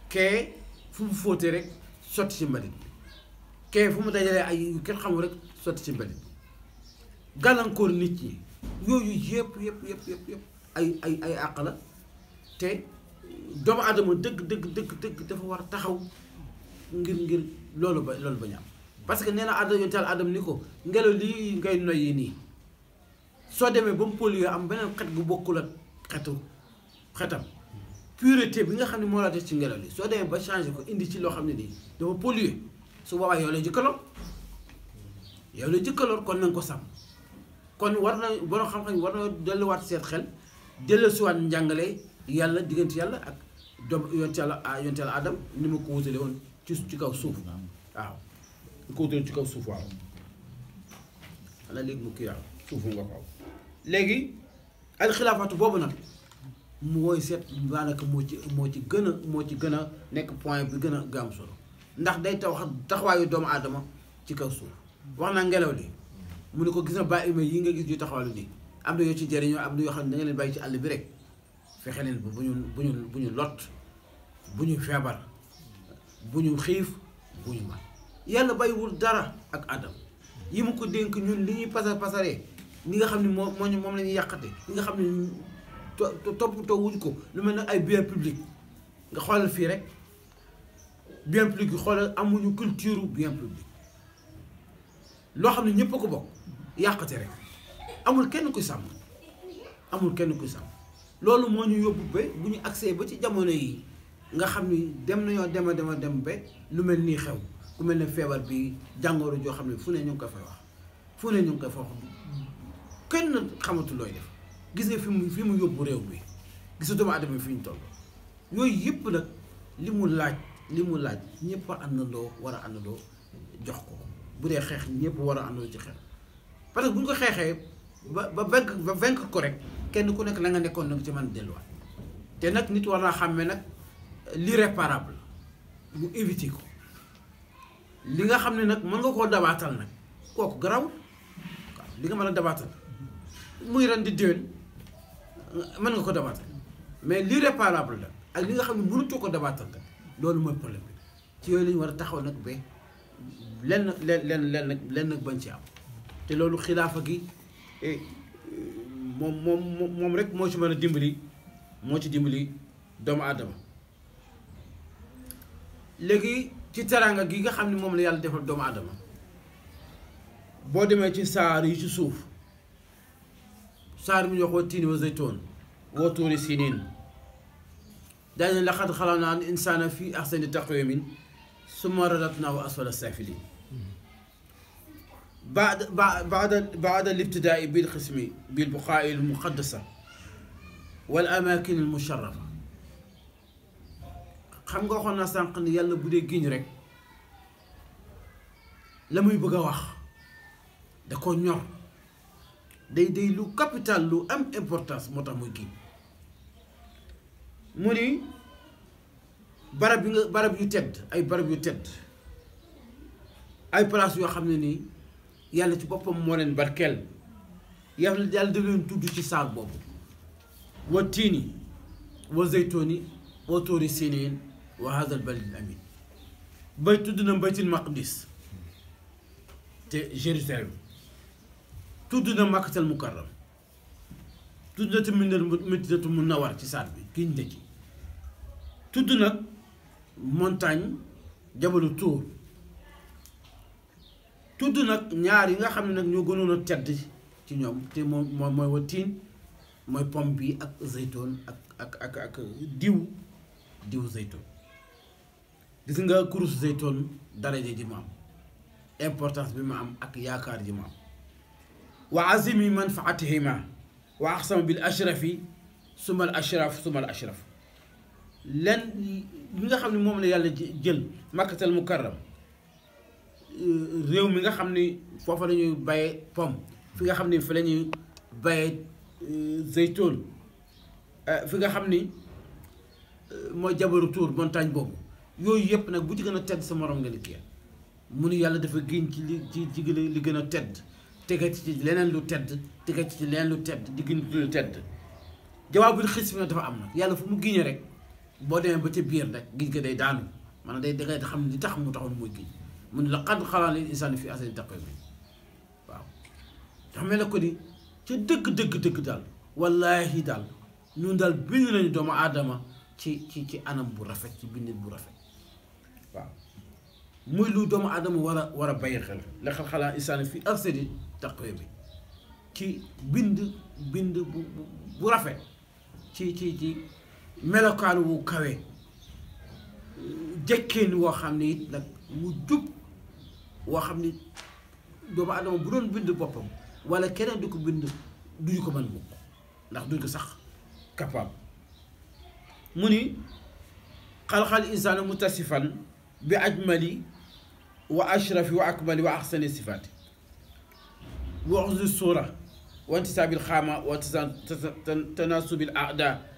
kee fu mu rek sotti ci mbalit bi fu mu dajalee ay yu kenn xamul rek sotti ci mbalit bi gàllankoor nit ñi yooyu yëpp yëpp yëpp yëpp ay ay àq la te doomu aadama dëgg dëgg dëgg dëgg dafa war a taxaw ngir ngir loolu ba loolu ba parce que nena na adam yontaal adam niko ngelo li ngay noyyi ni so demee bam mu am benen xet gu bokul ak xetu xetam pureté bi nga xamni mo la def ci ngelo li so demee ba changer ko indi ci lo xamni ni do dafa su baba yow lay jëkkaloor yow lay jëkkaloor kon nang ko sam kon war na borom xam-xam war na wat set xel delu su wat njangalé yalla ak yalla ak do yonte adam ni ma ko wutale ci ci kaw suuf waaw الكوتي اللي تكاو صوفوا عاود على لي بلوكي عاود صوفوا وقعوا لاقي الخلافة بوبنا موي سيت بالك موتي موتي غنا موتي غنا نيك بوين بي غنا غام صور نداخ داي تاو خد تخواي دوم ادمه تي كاو صوف واخنا نغلاو لي مونيكو غيسنا با ايمي ييغا غيس جو تخوالو دي امدو يو تي جيرينو امدو يو خن نغلن باي تي الله بي ريك في خلين بو بو بو لوت بو فيبر بو خيف بو مات yàlla bàyyiwul dara ak adam yi mu ko dénk ñun li ñuy pasar pasaree ñi nga xam ne moom moo ñu moom la ñuy yàqate nga xam ne toppatoo wuñ ko lu mel ne ay bien public nga xoolal fii rek bien public xoolal amuñu culture bien public loo xam ne ñëpp a ko bokk yàqate rek amul kenn kuy sàmm amul kenn kuy sàmm loolu moo ñu yóbbu ba bu ñu accès ba ci jamono yi nga xam ni dem nañoo dem a dem a dem ba lu mel nii xew ku mel ne feebar bi jàngoro joo xam ne fu ne ñu ngi ko wax fu ne ñu ngi ko fay wax kenn xamatu def gis nga fi mu fi mu yóbbu réew mi gisu doomu aadama fi ñu toll yooyu yëpp nag li mu laaj li mu laaj ñëpp a àndandoo war a àndandoo jox ko bu dee xeex ñëpp war a àndandoo ci xeex parce que bu ñu ko xeexee ba ba vaincre ba vaincre ko rek kenn ku nekk la nga nekkoon nag ci mën delluwaat te nag nit war naa xàmme nag li réparable mu éviter ko. li nga xam ne nag mën nga koo dabaatal nag kooku garaw waaw li nga mën a dabaatal muy ren di déwén mën nga ko dabaatal mais li réparable la ak li nga xam ne mënutoo ko dabaatal nag loolu mooy problème bi ci yooyu la war a taxaw nag ba lenn lenn lenn lenn bañ ci am te loolu xilaafa gi eh, moom moom moom rek moo ci mën a dimbali moo ci dimbali doomu aadama léegi ci teranga gi nga xamni mom la yàlla defal doom aadama bo demé ci sar yi ci suuf saar mi tini wa zaytun wa zaytoon sinin dan la daañu laqad xalaqnaa al-insaana fii ahsani taqwiimin summa wa asfala saafiliin بعد بعد بعد الابتداء بالقسم بالبقاع المقدسة والأماكن المشرفة xam nga waxoon na sànq ni yàlla bu dee giñ rek la muy bëgg a wax da ko ñor day day lu capital lu am importance moo tax muy giñ mu ni barab yu nga barab yu tedd ay barab yu tedd ay place yoo xam ne nii yàlla ci boppam moo leen barkeel yàlla yàlla daf leen tudd ci saal boobu wa tiini wa zeytooni wa tóori siniin وهذا البلد الامين بيت دون بيت المقدس جيرتالو تودنا مكه المكرم تودنا من المدينة المنور في سالبي كينديكي تودنا مونتاني جبل تور تودنا نيار ييغا خامي نك ньо غنونا تيد تي نيوم تي موي موي وتين موي بومبي اك زيتون اك اك اك ديو ديو زيتون gis nga kurus Zeytoun dara ji di mam importance bi ma am ak yaakaar di mam wa azimi manfaatihima wa axsama bil ashraf suma al ashraf suma al ashraf len li nga xamni mom la yàlla jël al mukarram rew mi nga xamni fofu lañuy baye pom fi nga xamni fi lañuy baye bayee Zeytoun fi nga xamni mo jabaru tour montagne bobu yooyu yëpp nag bu ci gën a tedd sa morom nga liggéey mu ni yàlla dafa génn ci li ci ci li gën a tedd tegat ci leneen lu tedd tegat ci leneen lu tedd di gën lu tedd jawaabul xis bi dafa am nag yàlla fu mu génnee rek boo demee ba ca biir nag gis nga day daanu maanaam day dangay xam li tax mu taxoon mooy génn mu ne laqad xalaqnal insaana fii ahsani taqwiim waaw xam ne ko ni ca dëgg dëgg dëgg daal wallaahi daal ñun daal bind nañu doomu aadama ci ci ci anam bu rafet ci bindin bu rafet muy lu doomu aadama war a war a bàyyi xel la xalxalaa insaani fi ahsani taqwiim bi ci bind bind bu bu rafet ci ci ci melokaan wu kawe jëkkeen woo xam ne it nag mu jub woo xam ne doomu aadama bu doon bind boppam wala keneen du ko bind duñu ko mën mukk ndax duñ ko sax capable mu ni xalxal insaani mutasifan bi ajmali وأشرف وأكمل وأحسن الصفات وعز الصورة وانتساب الخامة وتناسب الأعداء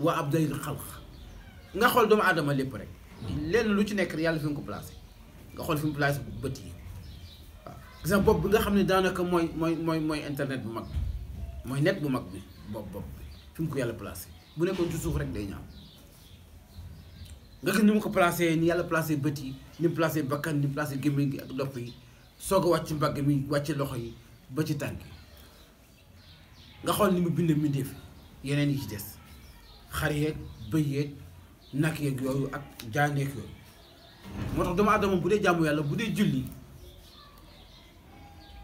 وأبدأ الخلق nga xool doomu aadama lépp rek lenn lu ci nekk yàlla fi nga ko placé nga xool fi mu placé bu bët yi waaw gis bopp bi nga xam ne daanaka mooy mooy mooy mooy internet bu mag bi mooy net bu mag bi bopp bopp bi fi mu ko yàlla placé bu nekkoon ci suuf rek day ñaaw nga gis ni mu ko placé ni yàlla placé bët yi ni mu bakkan ni mu placé gi ak nopp yi soog a wàcc mbagg mi wàcc loxo yi ba ci tànk yi nga xool ni mu bind mbindeef yeneen yi ci des xar yeeg bëy yeeg nag yeeg ak jaaneeg yooyu moo tax doomu aadama bu dee jàmm yàlla bu dee julli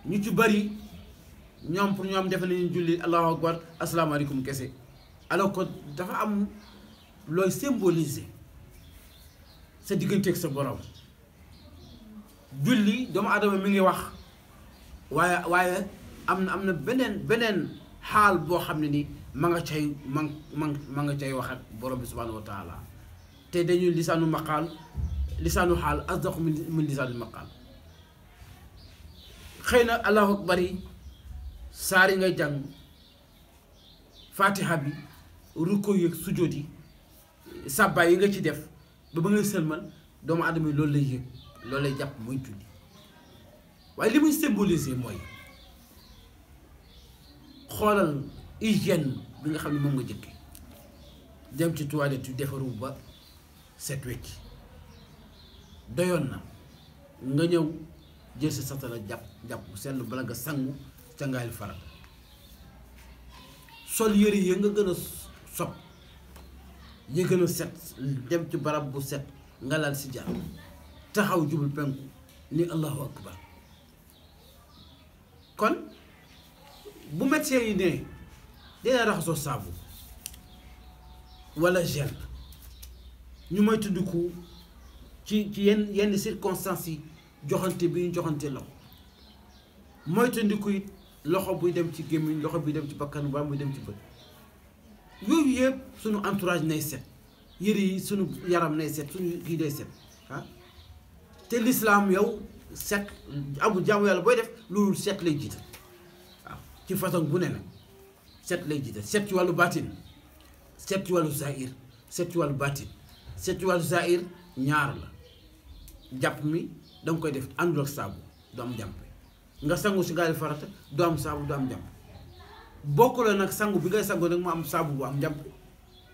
ñu ci bari ñoom pour ñoom defe nañu julli allahu akbar asalaamaaleykum kese alors que dafa am looy symboliser sa digganteeg sa borom. julli doomu adama mi ngi wax waaye waaye am na am na beneen beneen xaal boo xam ne ni ma nga cay ma ma nga cay wax ak borom bi subhaanahu wa taala te dañuy lisaanu maqaal lisaanu xaal asdaqu min lisaanu maqaal xëy na allahu akbar yi saar yi nga jàng fatiha bi ruko yëg sujjóot yi sàbbaay yi nga ci def ba ba ngay sëlmal doomu adama yi loolu lay yëg loolee jàpp muy julli waaye li muy symboliser mooy xoolal hygiène bi nga xam ne moom nga jëkke dem ci toilette yu defaru ba set wecc doyoon na nga ñëw jël si satala jàpp jàpp sell bala nga sangu sangaayal faral sol yére yi nga gën a sob yi gën a set dem ci barab bu set nga laal si jàmm taxaw jubul penku ni allahu akbar kon bu médecin yi ne dina raxasoo saabu walla gel ñu may tudd ci ci yenn yenn circonstances yi joxante bi ñu joxante loxo moytandiku it loxo buy dem ci gémmiñ loxo buy dem ci bakkan waa muy dem ci bët yooyu yëpp sunu entourage nay set yëre yi sunu yaram nay set sunu kii day set ah. te lislaam yow set amul jaamu yàlla booy def loolu set lay jiital waaw ci façon bu ne nag set lay jiital set ci wàllu baatin set ci wàllu zahir set ci wàllu baatin set ci ñaar la jàpp mi danga koy def àndul ak saabu du am jàmpe nga sangu si gaali farata du am saabu du am jàmpe bokk la nag sangu bi ngay sangu nag mu am saabu bu am jàmpe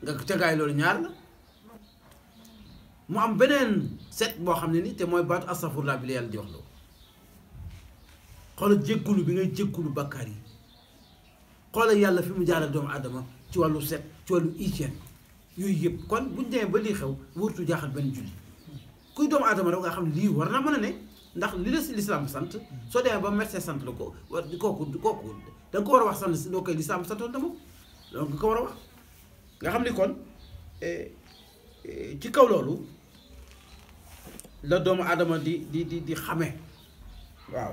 nga tegaay loolu ñaar la mu am benen set bo xamne ni te mooy baatu astafurlaa bi la yàlla di wax lo xoola jekulu bi ngay jekulu bakkar yi xoola yàlla fi mu jaarale doom adama ci walu set ci walu hygiène yoy yëpp kon buñ dem ba li xew wurtu jaxal ben julli kuy doom adama rek nga xam li war na mën ne ndax li la l'islam sant so dem ba mercé sant la ko war kooku kooku da ko war wax sant do koy l'islam santoon na moom donc ko war wax nga xam ni kon eh ci kaw lolou la doomu adama di di di di xame waaw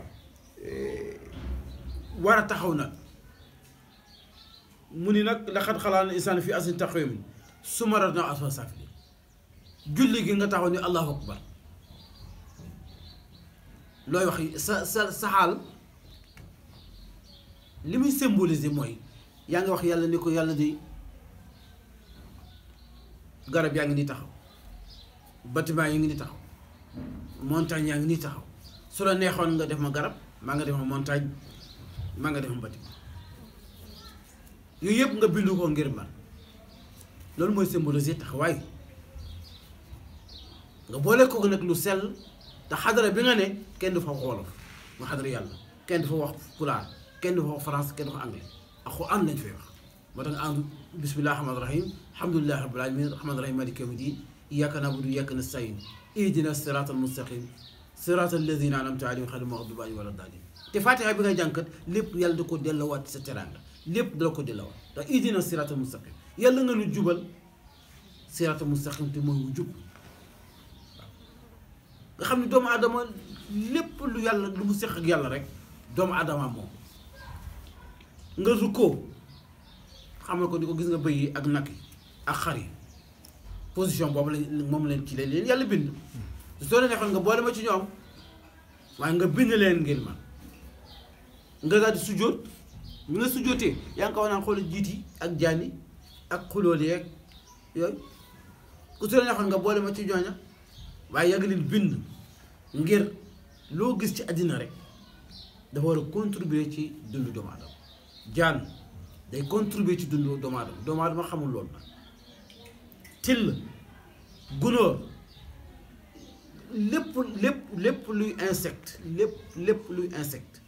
war a taxaw nag mu ni nag laqad xalaaqnal insaana fii ahsani taqwiim summa radadnaahu asfala julli gi nga taxaw ni allahu akbar loy wax sa sa saxaal li symboliser moy ya nga wax yàlla ni ko yàlla di garab yaa ngi ni taxaw batima yi ngi ni taxaw montagne yaa ngi taxaw su la neexoon nga def ma garab ma nga def ma montagne ma nga def ma bâtiment yu yeb nga bindu ko ngir man loolu mooy symboliser taxawaay nga bolé ko nak lu sel ta hadra bi nga ne kenn du fa xolof wolof mu xadara yàlla kenn du fa wax pulaar kenn du fa wax français kenn du fa anglais akhu am nañ fay wax ba tax nga am bismillahi rahmaani rahim alhamdulilahi rabbil alamin rahmaani rahim maliki yawmi iyyaka na'budu wa iyyaka nasta'in اهدنا الصراط المستقيم صراط الذين انعمت عليهم غير المغضوب عليهم ولا الضالين تفاتح بيغا جانكات ليب يالا دكو ديلوات سي تيرانغا ليب دكو ديلوات دا اهدنا الصراط المستقيم يالا نغا لو صراط المستقيم تي موي وجوب nga xamni doom adama lepp lu yalla lu mu sekk ak yalla rek doom adama mo nga ruko xamal ko diko position boobu lañ moom leen ci leen yàlla bind soo leen neexoon nga boole ci ñoom nga bind leen ngeen man nga daal di sujjóot ñu nga sujjóotee yaa ngi ko ak jaan ak xulóol yeeg yooyu ku nga boole ma ci ñooña waaye yàgg leen bind ngir loo gis ci àddina rek dafa war a contribuer ci dund doomu jaan day contribuer ci dundu doomu aadama doomu xamul loolu nag til guno lepp lepp lepp luy insecte lepp lepp luy insecte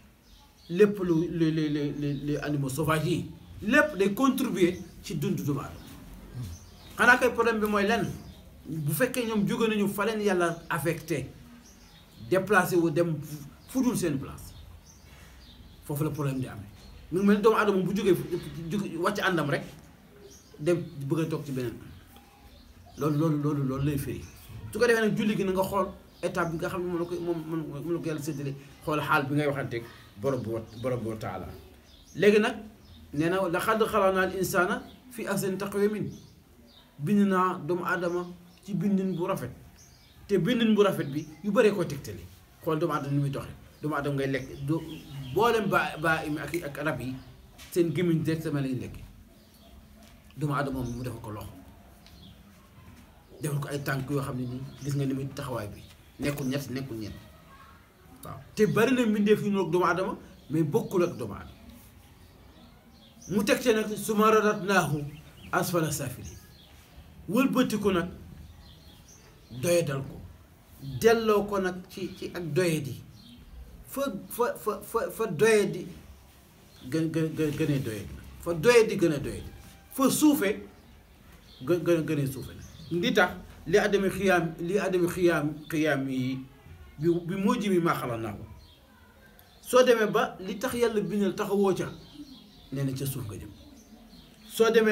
lepp lu lu lu lu les animaux sauvages lepp lépp day contribuer ci dund doomu aadama xanaa kay problème bi moy lenn bu fekkee ñom jóge nañu falen yalla affecté déplacer wu dem fudul sen place fofu le problème di amee mu ngi mel ni doomu bu jógee wàcc andam rek dem bëgg tok ci benen loolu loolu loolu loolu lay firi su ko defé nak julli gi nga xol étape bi nga xamni mo moom la ko moom ko yàlla sédélé xol xal bi ngay waxanté borom bu borom taala légui nak néna la khad khalana al insana fi ahsan taqwimin binna naa adama ci bindin bu rafet te bindin bu rafet bi yu bari ko tegtali xol doomu adama ni muy doxee doomu aadama ngay lek doo boolem ba ba imi ak ak rab yi seen gémmiñ directement lañ lekk doomu aadama moom mu defa ko loxo defal ko ay tànk yo xamni ni gis nga limuy taxaway bi nekkul ñet nekkul ñet waaw te bari na mbindeef yu ñok doomu adama mais bokku ak doomu aadama mu tekte nak nag su asfala safili wul beuti ko nak doye dal ko delloo ko nak ci ci ak doye di fa fa fa fa doye di gëne gën a fa doye di gëne doye fa soufé gëne gëne soufé نديتها لعدم خيام لعدم خيام قيامي بموجب ما خلنا هو سودم با لتخيل بين التخوجة نحن تشوف قديم سودم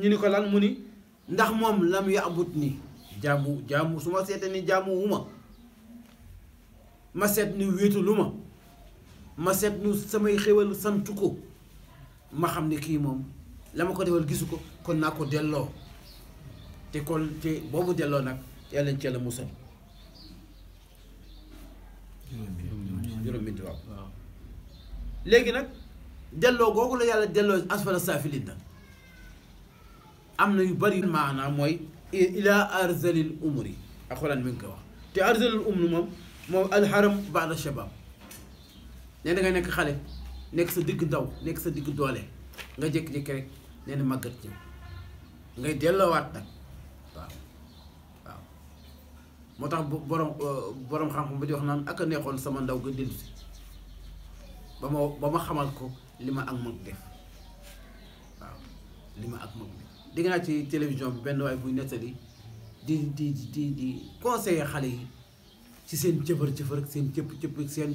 نينكولان موني نخمم لم يعبدني جامو جامو سما سيتني جامو هما ما سيتني ويتو لما ما سيتني سمي خيول سنتكو ما خمني كيمم لما كده والجسكو كنا كده الله te kon te boo mu delloo nag yàlla nañ ci yàlla musal juróom minti waaw léegi nag delloo googu la yàlla delloo asfala saafilin nag am na yu bari maanaam mooy ila arzalil umri alxuraan mi ngi koy wax te arzalil umri moom moom alxaram baada shabab ne da nga nekk xale nekk sa digg ndaw nekk sa digg doole nga jékki-jékki rek nee na màggat ñëw ngay delloowaat nag moo tax borom euh, borom xam-xam ba di wax naan ak a neexoon sama ndaw ga dellu si ba ma ba ma xamal ko li ma ak mag def waaw li ma ak mag def ci télévision bi benn waay buy nettali di di di di conseiller xale yi ci seen jëfër-jëfër seen cëpp-cëpp seen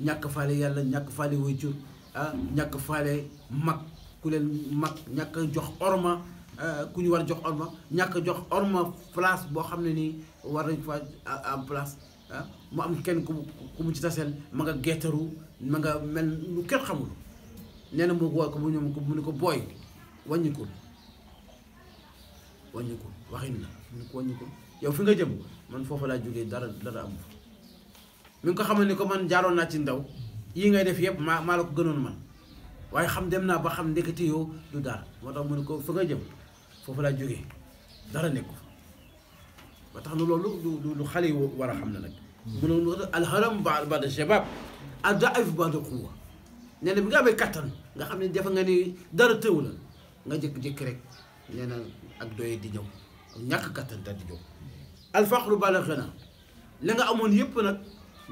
ñàkk faale yàlla ñàkk faale waajur ah ñàkk faale mag ku leen mag ñàkk jox orma Euh, ku ñu war jox orma ñak jox orma place bo xamné ni war nañ fa euh, am place ah, mu am kenn ku ku mu ci tassel ma nga gétaru ma nga mel lu kenn xamul nee na ko woo ko mu ñoom ko mu ne ko booy wàññikul wàññikul waxin la mu ne ko wàññikul yow fi nga jëm man fofu la joggé dara dara am mi ko ko man jaaroon na ci ndaw yi ngay def yépp ma la ko gënoon man waye xam dem na ba xam ndekati yo du dar motax mu ko fa nga jëm فوفو لا جوغي دارا نيكو ما تخنو لولو دو دو خالي ورا خمنا نك بنو الهرم بعد بعد الشباب اضعف بعد القوه نينا بيغا بي كاتان غا خامن ديفا غاني دارا تيولا غا جيك جيك ريك نينا اك دوي دي نيو نياك كاتان دا دي نيو الفقر بعد الغنى لغا امون ييب نك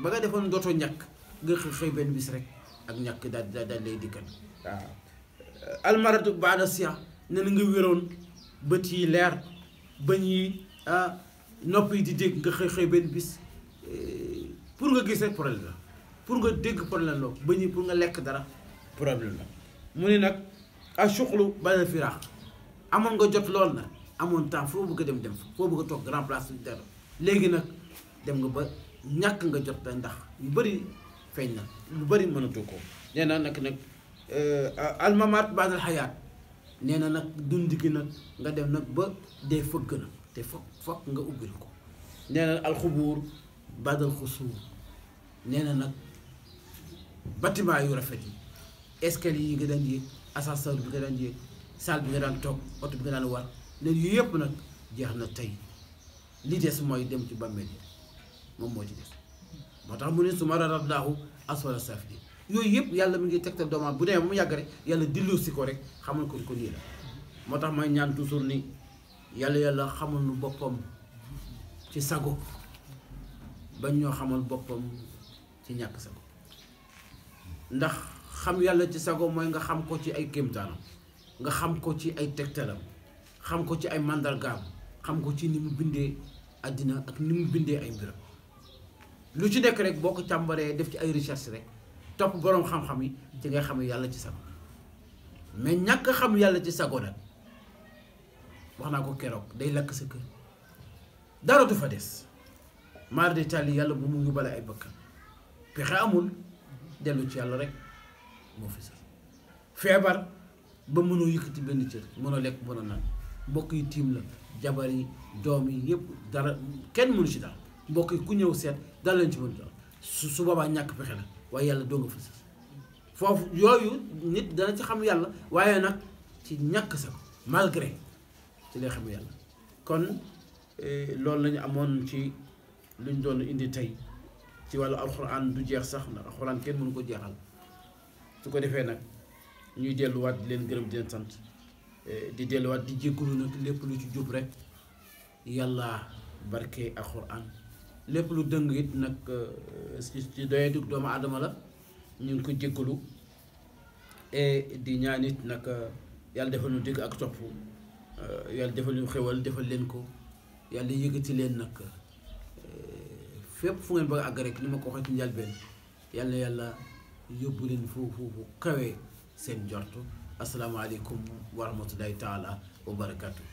باغا ديفون دوتو نياك غا خي خي بن بيس ريك اك نياك دا دا لي ديكان المرض بعد الصيام نينا غي ويرون bët yi leer bañ yi nopp yi di dégg nga xëy xëy benn bis pour nga gis rek problème la pour nga dégg problème la bañ yi pour nga lekk dara problème la mu ne nag a suqlu bala firaax amoon nga jot lool na amoon temps foo bëgg a dem dem fa foo bëgg a toog grand place suñu dara léegi nag dem nga ba ñàkk nga jot la ndax yu bëri feeñ na lu bëri mënatu ko nee naa nag nag almamaat baadal xayaat nee na nag dund gi nag nga dem nag ba dee fëgg na te fokk fokk nga ubbil ko nee na alxubuur badal xusuur nee na nag bâtiment yu rafet yi escalier yi nga daan yéeg ascenseur bi nga daan yéeg salle bi nga daan toog oto bi nga daan war neen yu yëpp nag jeex na tey li des mooy dem ci bàmmeel yi moom moo ci des moo tax mu ne su ma radallaahu saf saafiliin yooyu yëpp yàlla mi ngi tegtal doomam bu dee mu yàgg rek yàlla dillu si ko rek xamul ko ko nii la moo tax may ñaan toujours ni yàlla yàlla xamul nu boppam ci sago bañ ñoo xamal boppam ci ñàkk sago ndax xam yàlla ci sago mooy nga xam ko ci ay kéemtaanam nga xam ko ci ay tegtalam xam ko ci ay màndargaam xam ko ci ni mu bindee àddina ak ni mu bindee ay mbiram lu ci nekk rek boo ko càmbaree def ci ay recherche rek top boroom xam-xam yi ci nga xam yalla ci sago mais ñak xam yalla ci sago nak waxna ko kérok day lak sa kër dara du fa dess maar de tali yalla bu mu yóbbale ay bëkk fi xamul delu ci yalla rek mo fi sax febar ba mënoo yëkëti benn cër mënoo lek mënoo naan mbokk yi tim la jabar yi doom dara kenn mënu ci mbokk yi ku ñëw dal leen ci mënu dal su su waa yàlla doo nga fa foofu yooyu nit dana ci xam yàlla waaye nag ci ñàkk sa ko malgré ci lay xam yàlla kon eh, loolu lañu amoon ci luñ doon indi tey ci wàllu alxuraan du jeex sax ndax alxuraan kenn mënu ko jeexal su ko defee nag ñuy delluwaat leen gërëm di sant eh, di delluwaat di jégalu nag lépp lu ci jub rek yàlla barke alxuraan lépp lu dëng it nag ci euh, doyadi doomu adama la ñu ngi ko jéggalu et di ñaan it nag euh, yàlla defal ñu dégg ak topp euh, yàlla defal ñu xewal defal leen ko yàlla yëkkati leen nag fépp fu ngeen bëgg a àgg rek ni ma ko waxee ci yàlla yàlla yóbbu leen foofu foofu kawee seen jot asalaamaaleykum wa rahmatullahi taala wa